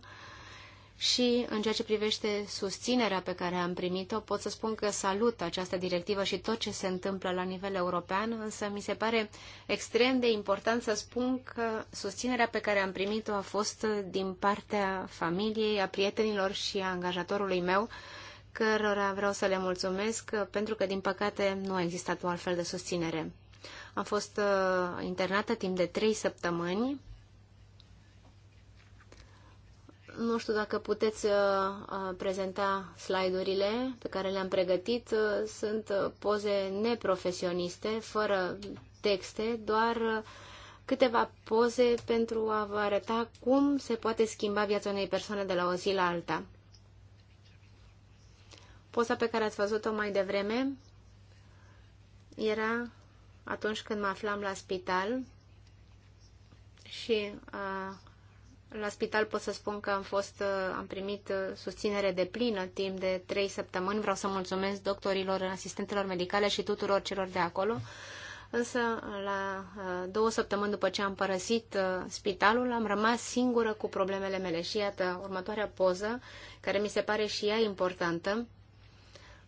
și în ceea ce privește susținerea pe care am primit-o, pot să spun că salut această directivă și tot ce se întâmplă la nivel european, însă mi se pare extrem de important să spun că susținerea pe care am primit-o a fost din partea familiei, a prietenilor și a angajatorului meu, cărora vreau să le mulțumesc, pentru că, din păcate, nu a existat o altfel de susținere. Am fost uh, internată timp de trei săptămâni nu știu dacă puteți uh, uh, prezenta slide-urile pe care le-am pregătit. Uh, sunt poze neprofesioniste, fără texte, doar câteva poze pentru a vă arăta cum se poate schimba viața unei persoane de la o zi la alta. Poza pe care ați văzut-o mai devreme era atunci când mă aflam la spital și la spital pot să spun că am fost, uh, am primit uh, susținere de plină timp de trei săptămâni. Vreau să mulțumesc doctorilor, asistentelor medicale și tuturor celor de acolo. Însă, la uh, două săptămâni după ce am părăsit spitalul, am rămas singură cu problemele mele. Și iată, următoarea poză, care mi se pare și ea importantă,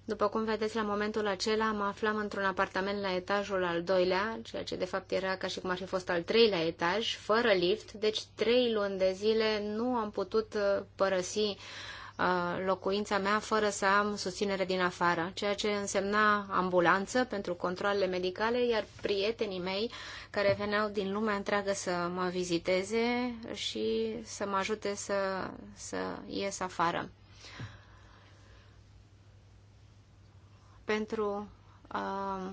după cum vedeți, la momentul acela mă aflam într-un apartament la etajul al doilea, ceea ce de fapt era ca și cum ar fi fost al treilea etaj, fără lift, deci trei luni de zile nu am putut uh, părăsi uh, locuința mea fără să am susținere din afară, ceea ce însemna ambulanță pentru controlele medicale, iar prietenii mei care veneau din lumea întreagă să mă viziteze și să mă ajute să, să ies afară. pentru, uh,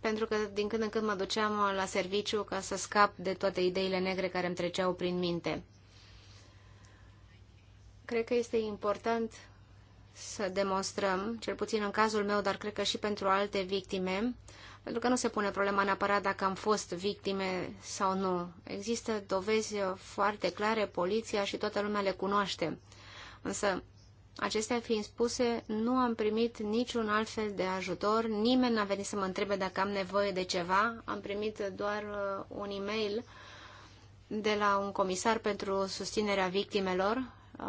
pentru că din când în când mă duceam la serviciu ca să scap de toate ideile negre care îmi treceau prin minte. Cred că este important să demonstrăm, cel puțin în cazul meu, dar cred că și pentru alte victime, pentru că nu se pune problema neapărat dacă am fost victime sau nu. Există dovezi foarte clare, poliția și toată lumea le cunoaște. Însă Acestea fiind spuse, nu am primit niciun alt fel de ajutor, nimeni n-a venit să mă întrebe dacă am nevoie de ceva, am primit doar uh, un e-mail de la un comisar pentru susținerea victimelor. Uh,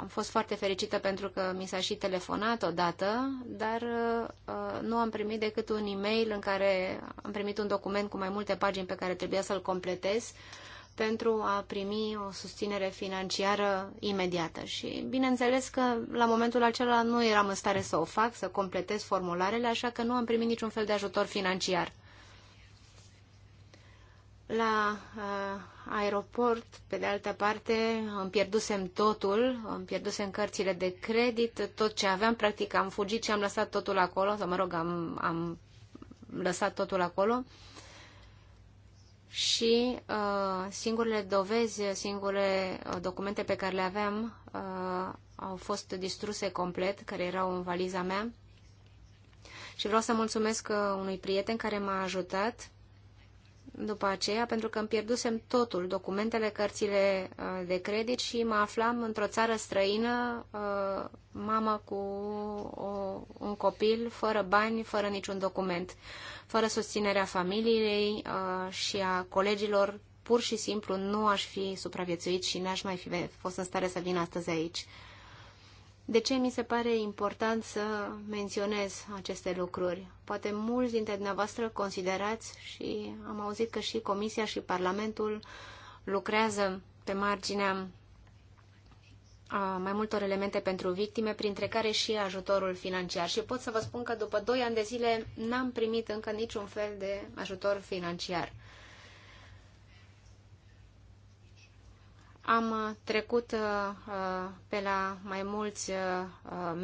am fost foarte fericită pentru că mi s-a și telefonat odată, dar uh, nu am primit decât un e-mail în care am primit un document cu mai multe pagini pe care trebuia să-l completez pentru a primi o susținere financiară imediată. Și bineînțeles că la momentul acela nu eram în stare să o fac, să completez formularele, așa că nu am primit niciun fel de ajutor financiar. La uh, aeroport, pe de altă parte, îmi pierdusem totul, îmi pierdusem cărțile de credit, tot ce aveam, practic am fugit și am lăsat totul acolo, sau mă rog, am, am lăsat totul acolo. Uh, și uh, singurele dovezi, singurele uh, documente pe care le aveam uh, au fost distruse complet, care erau în valiza mea. Și vreau să mulțumesc uh, unui prieten care m-a ajutat după aceea, pentru că îmi pierdusem totul, documentele, cărțile uh, de credit și mă aflam într-o țară străină, uh, mama cu o, un copil, fără bani, fără niciun document. Uh, fără susținerea familiei uh, și a colegilor, pur și simplu nu aș fi supraviețuit și n-aș mai fi fost în stare să vin astăzi aici. De ce mi se pare important să menționez aceste lucruri? Poate mulți dintre dumneavoastră considerați și am auzit că și Comisia și Parlamentul lucrează pe marginea mai multor elemente pentru victime, printre care și ajutorul financiar. Și pot să vă spun că după 2 ani de zile n-am primit încă niciun fel de ajutor financiar. Am uh, trecut uh, uh, pe la mai mulți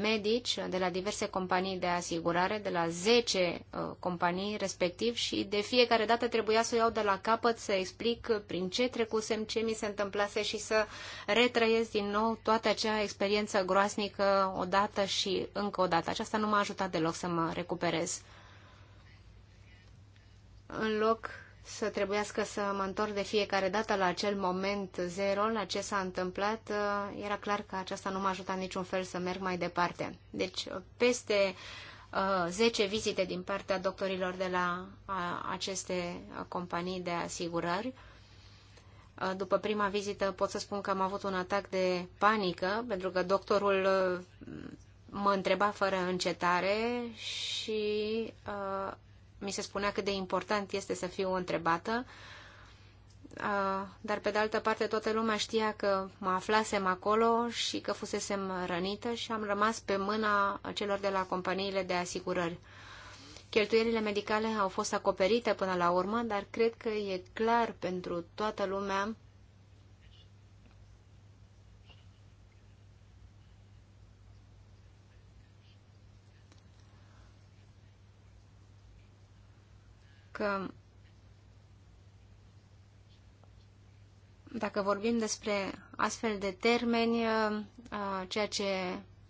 medici de la diverse companii de asigurare, de la 10 companii respectiv și de fiecare dată trebuia să o iau de la capăt, să explic prin ce trecusem, ce mi se întâmplase și să retrăiesc din nou toată acea experiență groasnică odată și încă o dată. Aceasta nu m-a ajutat deloc să mă recuperez. În loc să trebuiască să mă întorc de fiecare dată la acel moment zero, la ce s-a întâmplat, uh, era clar că aceasta nu m-a ajutat niciun fel să merg mai departe. Deci, uh, peste uh, 10 vizite din partea doctorilor de la uh, aceste companii de asigurări, uh, după prima vizită pot să spun că am avut un atac de panică, pentru că doctorul mă întreba fără încetare și mi se spunea cât de important este să fiu întrebată, dar pe de altă parte toată lumea știa că mă aflasem acolo și că fusesem rănită și am rămas pe mâna celor de la companiile de asigurări. Cheltuielile medicale au fost acoperite până la urmă, dar cred că e clar pentru toată lumea că dacă vorbim despre astfel de termeni, uh, uh, ceea ce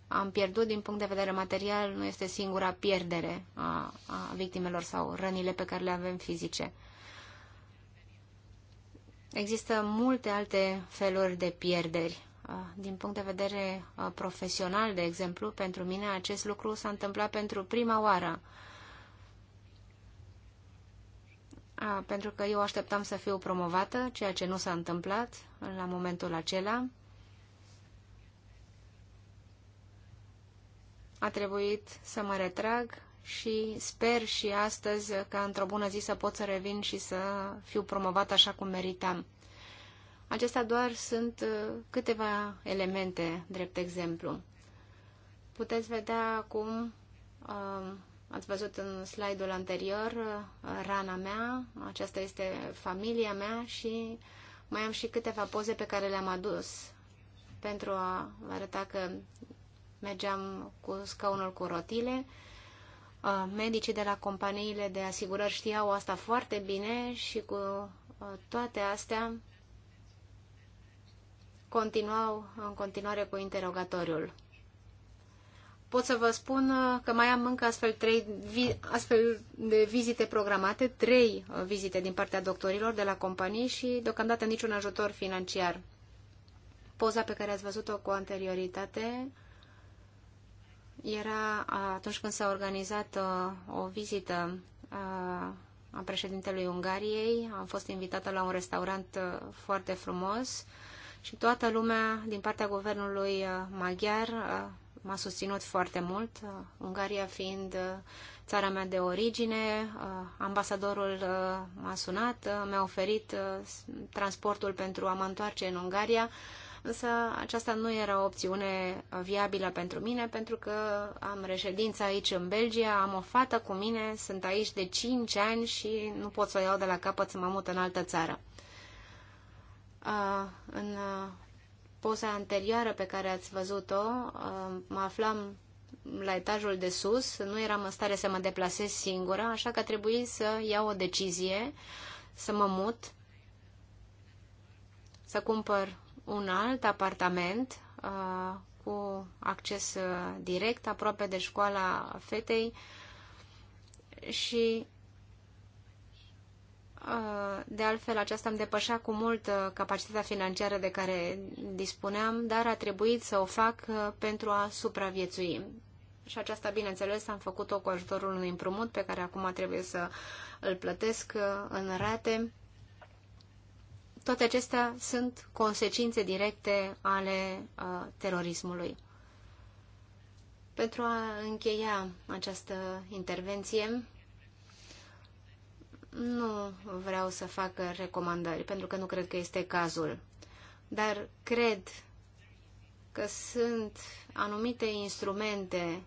am pierdut din punct de vedere material nu este singura pierdere a, a victimelor sau rănile pe care le avem fizice. Există multe alte feluri de pierderi. Uh, din punct de vedere profesional, de exemplu, pentru mine acest lucru s-a întâmplat pentru prima oară. pentru că eu așteptam să fiu promovată, ceea ce nu s-a întâmplat la momentul acela. A trebuit să mă retrag și sper și astăzi ca într-o bună zi să pot să revin și să fiu promovată așa cum meritam. Acestea doar sunt uh, câteva elemente, drept exemplu. Puteți vedea acum uh, Ați văzut în slide-ul anterior uh, rana mea, aceasta este familia mea și mai am și câteva poze pe care le-am adus pentru a arăta că mergeam cu scaunul cu rotile. Uh, medicii de la companiile de asigurări știau asta foarte bine și cu uh, toate astea continuau în continuare cu interogatoriul pot să vă spun uh, că mai am încă astfel, trei, astfel de vizite programate, trei uh, vizite din partea doctorilor de la companii și deocamdată niciun ajutor financiar. Poza pe care ați văzut-o cu anterioritate era atunci când s-a organizat uh, o vizită a președintelui Ungariei. Am fost invitată la un restaurant foarte frumos și toată lumea din partea guvernului maghiar m-a susținut foarte mult, uh, Ungaria fiind uh, țara mea de origine, uh, ambasadorul m-a sunat, mi-a oferit transportul pentru a mă întoarce în Ungaria, însă aceasta nu era o opțiune viabilă pentru mine, pentru că am reședință aici în Belgia, am o fată cu mine, sunt aici de 5 ani și nu pot să o iau de la capăt să mă mut în altă țară. În poza anterioară pe care ați văzut-o, uh, mă aflam la etajul de sus, nu eram în stare să mă deplasez singură, așa că a trebuit să iau o decizie, să mă mut, să cumpăr un alt apartament uh, cu acces uh, direct aproape de școala fetei și Uh, de altfel, aceasta îmi depășea cu mult uh, capacitatea financiară de care dispuneam, dar a trebuit să o fac uh, pentru a supraviețui. Și aceasta, bineînțeles, am făcut-o cu ajutorul unui împrumut pe care acum trebuie să îl plătesc în rate. Toate acestea sunt consecințe directe ale terorismului. Pentru a încheia această intervenție, nu vreau să fac recomandări, pentru că nu cred că este cazul. Dar cred că sunt anumite instrumente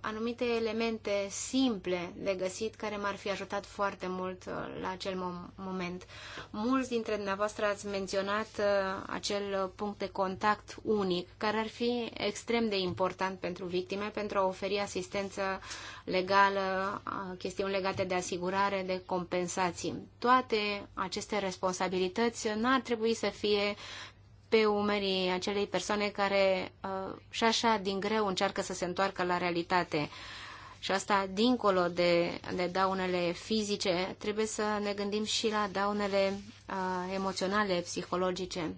anumite elemente simple de găsit care m-ar fi ajutat foarte mult uh, la acel moment. Mulți dintre dumneavoastră ați menționat uh, acel punct de contact unic, care ar fi extrem de important pentru victime, pentru a oferi asistență legală, chestiuni legate de asigurare, de compensații. Toate aceste responsabilități n-ar trebui să fie pe umerii acelei persoane care uh, și așa din greu încearcă să se întoarcă la realitate. Și asta dincolo de, de daunele fizice, trebuie să ne gândim și la daunele uh, emoționale, psihologice.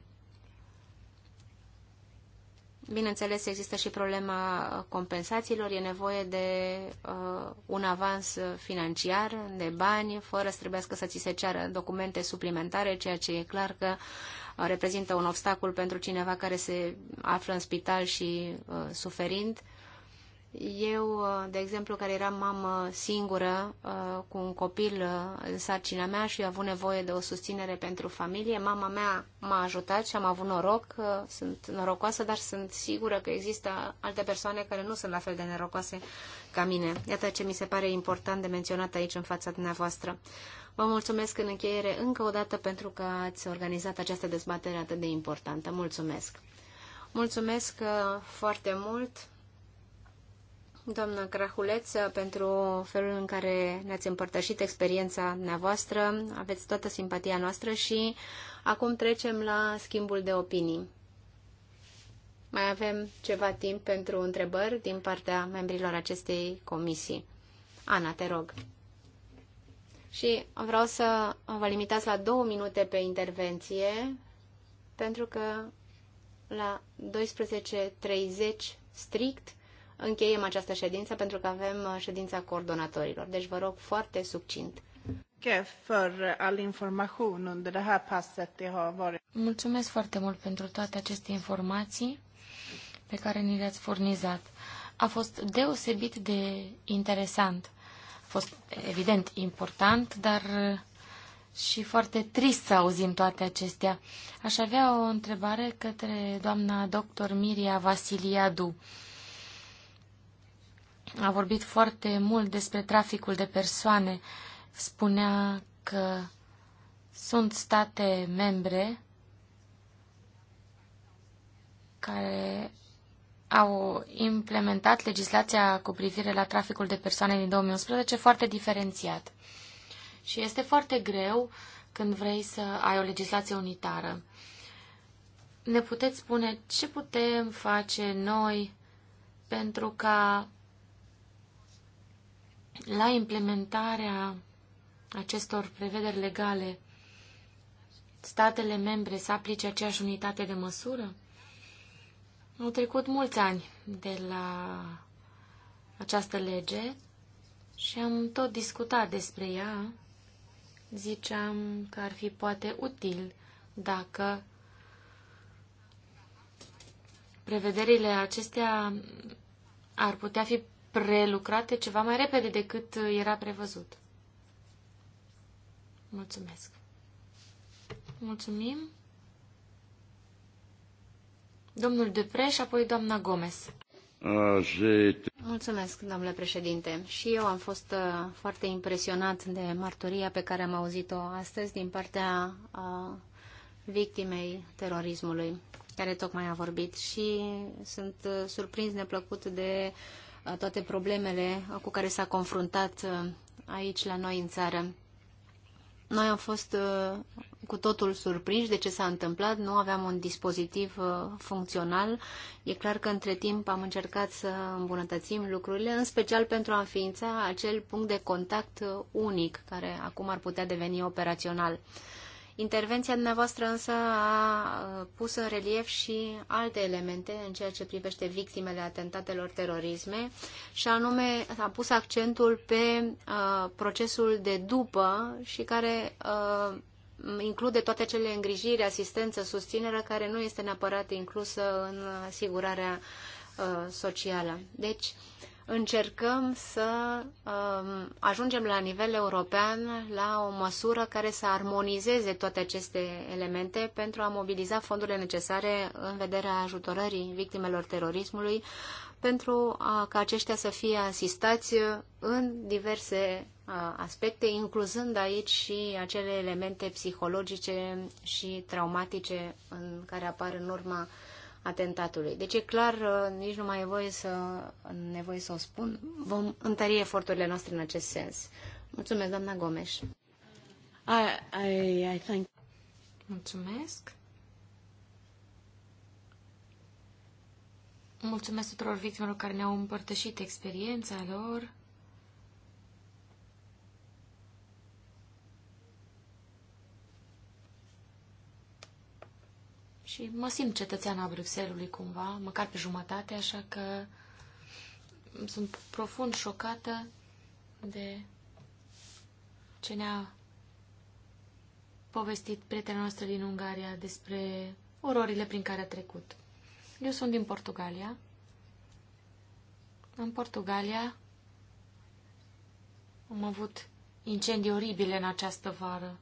Bineînțeles, există și problema compensațiilor. E nevoie de uh, un avans financiar, de bani, fără să trebuiască să ți se ceară documente suplimentare, ceea ce e clar că uh, Uh, reprezintă un obstacol pentru cineva care se află în spital și uh, suferind. Eu, uh, de exemplu, care eram mamă singură cu un copil în sarcina mea și avut nevoie de o susținere pentru familie, mama mea m-a ajutat și am avut noroc, sunt norocoasă, dar sunt sigură că există alte persoane care nu sunt la fel de norocoase ca mine. Iată ce mi se pare important de menționat aici în fața dumneavoastră. Vă mulțumesc în încheiere încă o dată pentru că ați organizat această dezbatere atât de importantă. Mulțumesc! Mulțumesc uh, foarte mult, doamnă Crahuleț, uh, pentru felul în care ne-ați împărtășit experiența dumneavoastră. Aveți toată simpatia noastră și acum trecem la schimbul de opinii. Mai avem ceva timp pentru întrebări din partea membrilor acestei comisii. Ana, te rog. Și vreau să vă limitați la două minute pe intervenție, pentru că la 12.30 strict încheiem această ședință, pentru că avem uh, ședința coordonatorilor. Deci vă rog foarte succint. Uh, Mulțumesc foarte mult pentru toate aceste informații pe care ni le-ați furnizat. A fost deosebit de interesant fost evident important, dar uh, și foarte trist să auzim toate acestea. Aș avea o întrebare către doamna doctor Miria Vasiliadu. A vorbit foarte mult despre traficul de persoane. Spunea că sunt state membre care au implementat legislația cu privire la traficul de persoane din 2011 foarte diferențiat. Și este foarte greu când vrei să ai o legislație unitară. Ne puteți spune ce putem face noi pentru ca la implementarea acestor prevederi legale statele membre să aplice aceeași unitate de măsură? Au trecut mulți ani de la această lege și am tot discutat despre ea. Ziceam că ar fi poate util dacă prevederile acestea ar putea fi prelucrate ceva mai repede decât era prevăzut. Mulțumesc. Mulțumim. Domnul Depre și apoi doamna Gomez. Mulțumesc, domnule președinte. Și eu am fost uh, foarte impresionat de martoria pe care am auzit-o astăzi din partea uh, victimei terorismului, care tocmai a vorbit. Și sunt uh, surprins neplăcut de toate problemele cu care s-a confruntat aici la noi în țară. Noi am fost cu totul surprinși de ce s-a întâmplat, nu aveam un dispozitiv uh, funcțional. E clar că între timp am încercat să îmbunătățim lucrurile, în special pentru a înființa acel punct de contact uh, unic, care acum ar putea deveni operațional. Intervenția dumneavoastră însă a uh, pus în relief și alte elemente în ceea ce privește victimele atentatelor terorisme și anume a pus accentul pe uh, procesul de după și care uh, include toate cele îngrijiri, asistență, susținere, care nu este neapărat inclusă în asigurarea uh, socială. Deci, încercăm să um, ajungem la nivel european la o măsură care să armonizeze toate aceste elemente pentru a mobiliza fondurile necesare în vederea ajutorării victimelor terorismului, pentru a, ca aceștia să fie asistați în diverse aspecte, incluzând aici și acele elemente psihologice și traumatice în care apar în urma atentatului. Deci e clar, uh, nici nu mai e voie să, nevoie să o spun. Vom întări eforturile noastre în acest sens. Mulțumesc, doamna Gomes. I, I, I thank... Mulțumesc. Mulțumesc tuturor victimelor care ne-au împărtășit experiența lor și mă simt cetățeana Bruxellesului cumva, măcar pe jumătate, așa că sunt profund șocată de ce ne-a povestit prietena noastră din Ungaria despre ororile prin care a trecut. Eu sunt din Portugalia. În Portugalia am avut incendii oribile în această vară.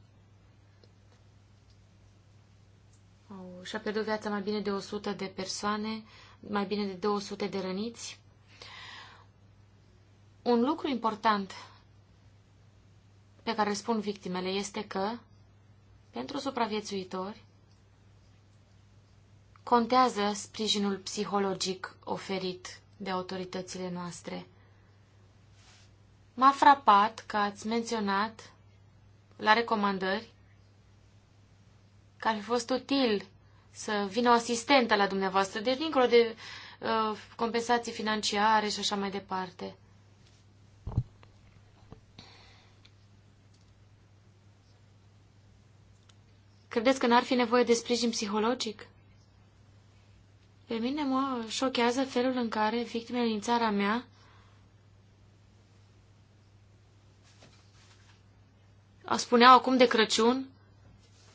Au, și-a pierdut viața mai bine de 100 de persoane, mai bine de 200 de răniți. Un lucru important pe care spun victimele este că, pentru supraviețuitori, contează sprijinul psihologic oferit de autoritățile noastre. M-a frapat că ați menționat la recomandări că ar fi fost util să vină o asistentă la dumneavoastră, de dincolo de uh, compensații financiare și așa mai departe. Credeți că n-ar fi nevoie de sprijin psihologic? Pe mine mă șochează felul în care victimele din țara mea spuneau acum de Crăciun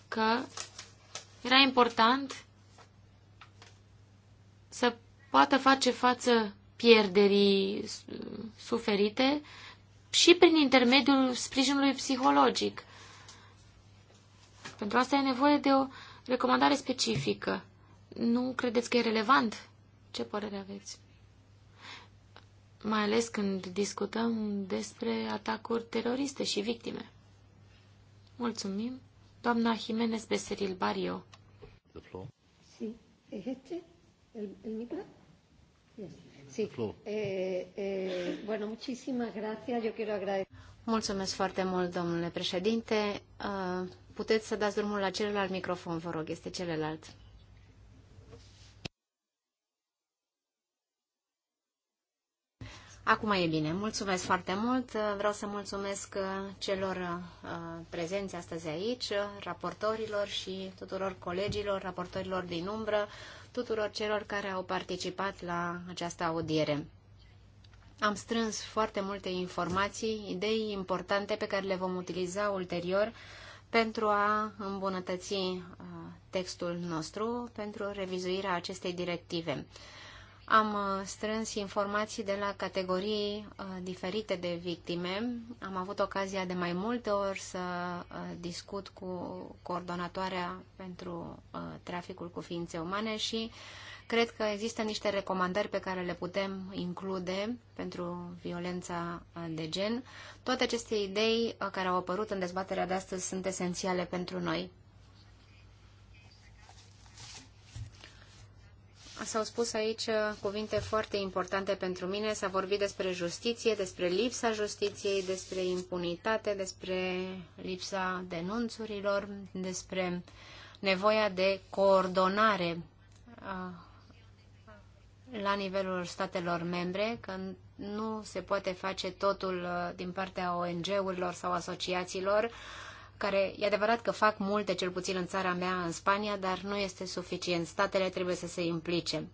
că era important să poată face față pierderii suferite și prin intermediul sprijinului psihologic. Pentru asta e nevoie de o recomandare specifică. Nu credeți că e relevant? Ce părere aveți? Mai ales când discutăm despre atacuri teroriste și victime. Mulțumim! Doamna Jiménez Becerril Barrio. The floor. Sí, es este el, el micro. Yes. Sí. Eh, eh, bueno, muchísimas gracias. Yo quiero agradecer. Mulțumesc foarte mult, domnule președinte. Uh, puteți să dați drumul la celălalt microfon, vă rog, este celălalt. Acum e bine. Mulțumesc foarte mult. Vreau să mulțumesc uh, celor uh, prezenți astăzi aici, raportorilor și tuturor colegilor, raportorilor din umbră, tuturor celor care au participat la această audiere. Am strâns foarte multe informații, idei importante pe care le vom utiliza ulterior pentru a îmbunătăți uh, textul nostru, pentru revizuirea acestei directive. Am uh, strâns informații de la categorii uh, diferite de victime. Am avut ocazia de mai multe ori să uh, discut cu coordonatoarea pentru traficul cu ființe umane și cred că există niște recomandări pe care le putem include pentru violența de gen. Toate aceste idei care au apărut în dezbaterea de astăzi sunt esențiale pentru noi. s-au spus aici uh, cuvinte foarte importante pentru mine. S-a vorbit despre justiție, despre lipsa justiției, despre impunitate, despre lipsa denunțurilor, despre nevoia de coordonare uh, la nivelul statelor membre, că nu se poate face totul uh, din partea ONG-urilor sau asociațiilor care e adevărat că fac multe, cel puțin în țara mea, în Spania, dar nu este suficient. Statele trebuie să se implice.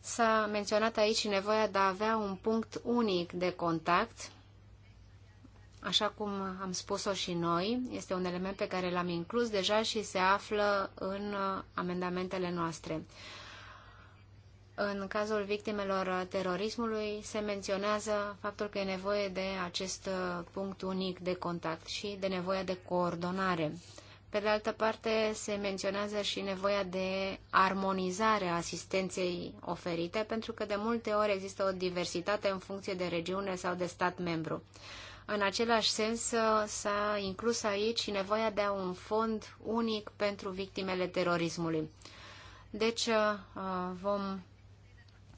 S-a menționat aici nevoia de a avea un punct unic de contact, așa cum am spus-o și noi. Este un element pe care l-am inclus deja și se află în uh, amendamentele noastre în cazul victimelor terorismului se menționează faptul că e nevoie de acest uh, punct unic de contact și de nevoia de coordonare. Pe de altă parte, se menționează și nevoia de armonizare a asistenței oferite, pentru că de multe ori există o diversitate în funcție de regiune sau de stat membru. În același sens, uh, s-a inclus aici nevoia de un fond unic pentru victimele terorismului. Deci uh, vom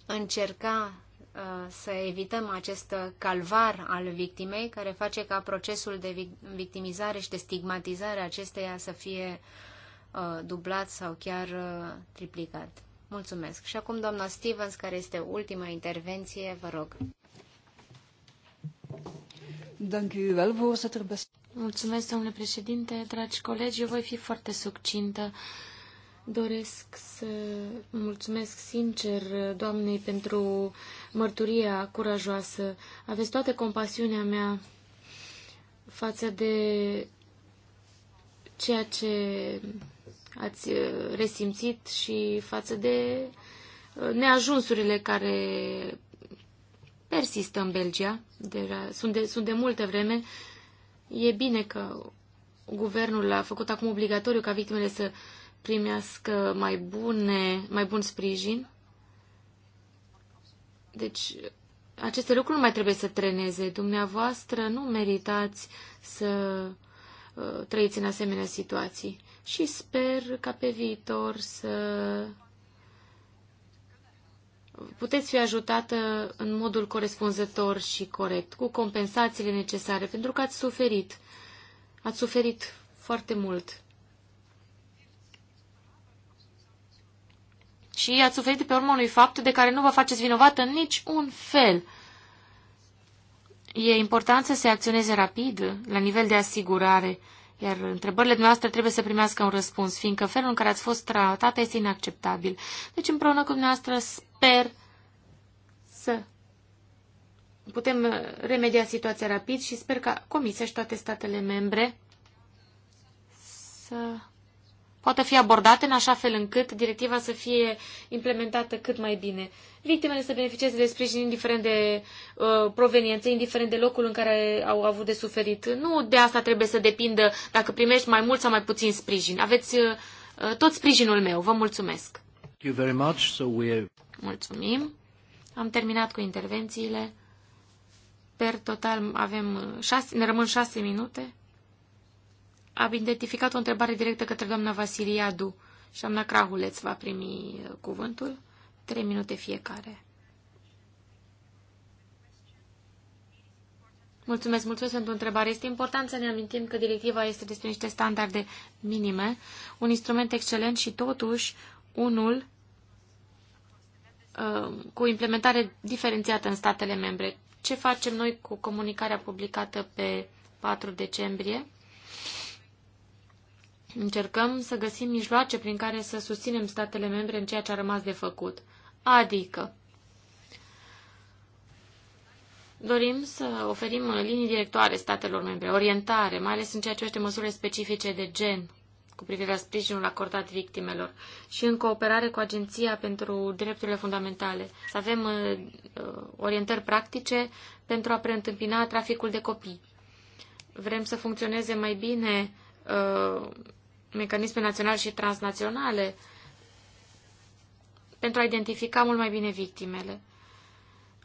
încerca uh, să evităm acest calvar al victimei care face ca procesul de victimizare și de stigmatizare acesteia să fie uh, dublat sau chiar uh, triplicat. Mulțumesc. Și acum doamna Stevens, care este ultima intervenție, vă rog. Mulțumesc, domnule președinte, dragi colegi, eu voi fi foarte succintă. Doresc să mulțumesc sincer doamnei pentru mărturia curajoasă. Aveți toată compasiunea mea față de ceea ce ați uh, resimțit și față de uh, neajunsurile care persistă în Belgia. De, sunt, de, sunt de multă vreme. E bine că guvernul a făcut acum obligatoriu ca victimele să primească mai, bune, mai bun sprijin. Deci, aceste lucruri nu mai trebuie să treneze. Dumneavoastră nu meritați să uh, trăiți în asemenea situații. Și sper ca pe viitor să puteți fi ajutată în modul corespunzător și corect, cu compensațiile necesare, pentru că ați suferit. Ați suferit foarte mult. și ați suferit pe urmă unui fapt de care nu vă faceți vinovată în nici un fel. E important să se acționeze rapid, la nivel de asigurare, iar întrebările noastre trebuie să primească un răspuns, fiindcă felul în care ați fost tratată este inacceptabil. Deci, împreună cu dumneavoastră, sper să putem remedia situația rapid și sper ca Comisia și toate statele membre să poată fi abordate în așa fel încât directiva să fie implementată cât mai bine. Victimele să beneficieze de sprijin indiferent de uh, proveniență, indiferent de locul în care au avut de suferit. Nu de asta trebuie să depindă dacă primești mai mult sau mai puțin sprijin. Aveți uh, uh tot sprijinul meu. Vă mulțumesc. Thank you very much. So we... Mulțumim. Am terminat cu intervențiile. Per total avem uh, șase, ne rămân șase minute. Am identificat o întrebare directă către doamna Vasiliadu și doamna Crahuleț va primi uh, cuvântul. Trei minute fiecare. Mulțumesc, mulțumesc pentru întrebare. Este important să ne amintim că directiva este despre niște standarde minime, un instrument excelent și totuși unul uh, cu implementare diferențiată în statele membre. Ce facem noi cu comunicarea publicată pe 4 decembrie? Încercăm să găsim mijloace prin care să susținem statele membre în ceea ce a rămas de făcut. Adică, dorim să oferim linii directoare statelor membre, orientare, mai ales în ceea ce este măsurile specifice de gen cu privire la sprijinul acordat victimelor și în cooperare cu Agenția pentru Drepturile Fundamentale. Să avem uh, uh, orientări practice pentru a preîntâmpina traficul de copii. Vrem să funcționeze mai bine uh, mecanisme naționale și transnaționale pentru a identifica mult mai bine victimele.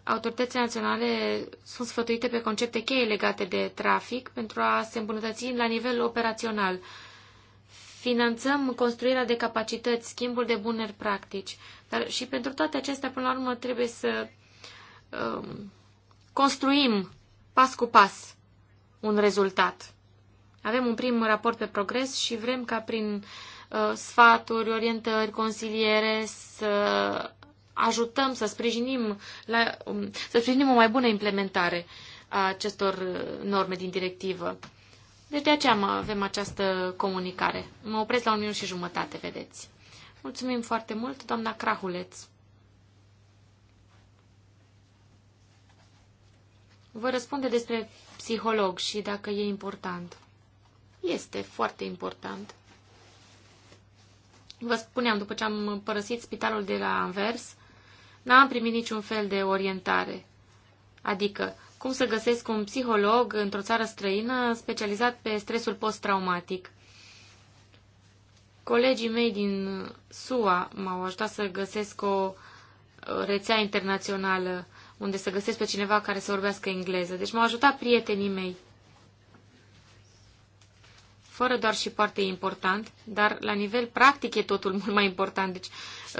Autoritățile naționale sunt sfătuite pe concepte cheie legate de trafic pentru a se îmbunătăți la nivel operațional. Finanțăm construirea de capacități, schimbul de bune practici, dar și pentru toate acestea, până la urmă, trebuie să um, construim pas cu pas un rezultat. Avem un prim raport pe progres și vrem ca prin uh, sfaturi, orientări, consiliere să ajutăm, să sprijinim, la, um, să sprijinim o mai bună implementare a acestor uh, norme din directivă. Deci de aceea avem această comunicare. Mă opresc la un minut și jumătate, vedeți. Mulțumim foarte mult, doamna Crahuleț. Vă răspunde despre psiholog și dacă e important este foarte important. Vă spuneam, după ce am părăsit spitalul de la Anvers, n-am primit niciun fel de orientare. Adică, cum să găsesc un psiholog într-o țară străină specializat pe stresul post-traumatic. Colegii mei din SUA m-au ajutat să găsesc o rețea internațională unde să găsesc pe cineva care să vorbească engleză. Deci m-au ajutat prietenii mei fără doar și foarte important, dar la nivel practic e totul mult mai important. Deci,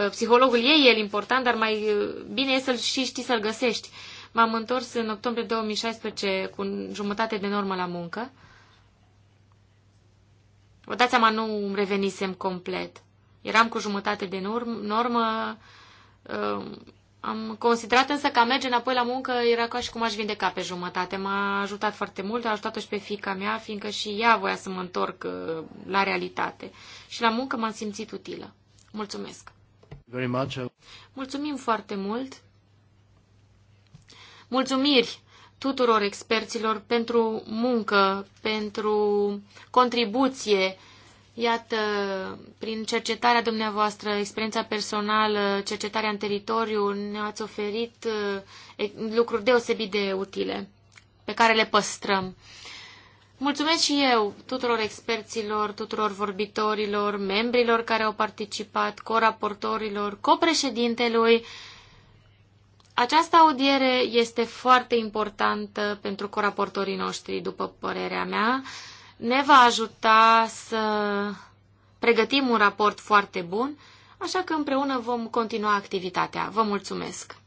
uh, psihologul e el important, dar mai uh, bine e să-l și știi să-l găsești. M-am întors în octombrie 2016 cu jumătate de normă la muncă. Vă dați seama, nu îmi revenisem complet. Eram cu jumătate de normă, uh, am considerat însă că a merge înapoi la muncă era ca și cum aș vindeca pe jumătate. M-a ajutat foarte mult, a ajutat-o și pe fica mea, fiindcă și ea voia să mă întorc uh, la realitate. Și la muncă m-am simțit utilă. Mulțumesc! Very much. Mulțumim foarte mult! Mulțumiri tuturor experților pentru muncă, pentru contribuție Iată, prin cercetarea dumneavoastră, experiența personală, cercetarea în teritoriu, ne-ați oferit eh, lucruri deosebit de utile, pe care le păstrăm. Mulțumesc și eu tuturor experților, tuturor vorbitorilor, membrilor care au participat, coraportorilor, copreședintelui. Această audiere este foarte importantă pentru coraportorii noștri, după părerea mea ne va ajuta să pregătim un raport foarte bun, așa că împreună vom continua activitatea. Vă mulțumesc!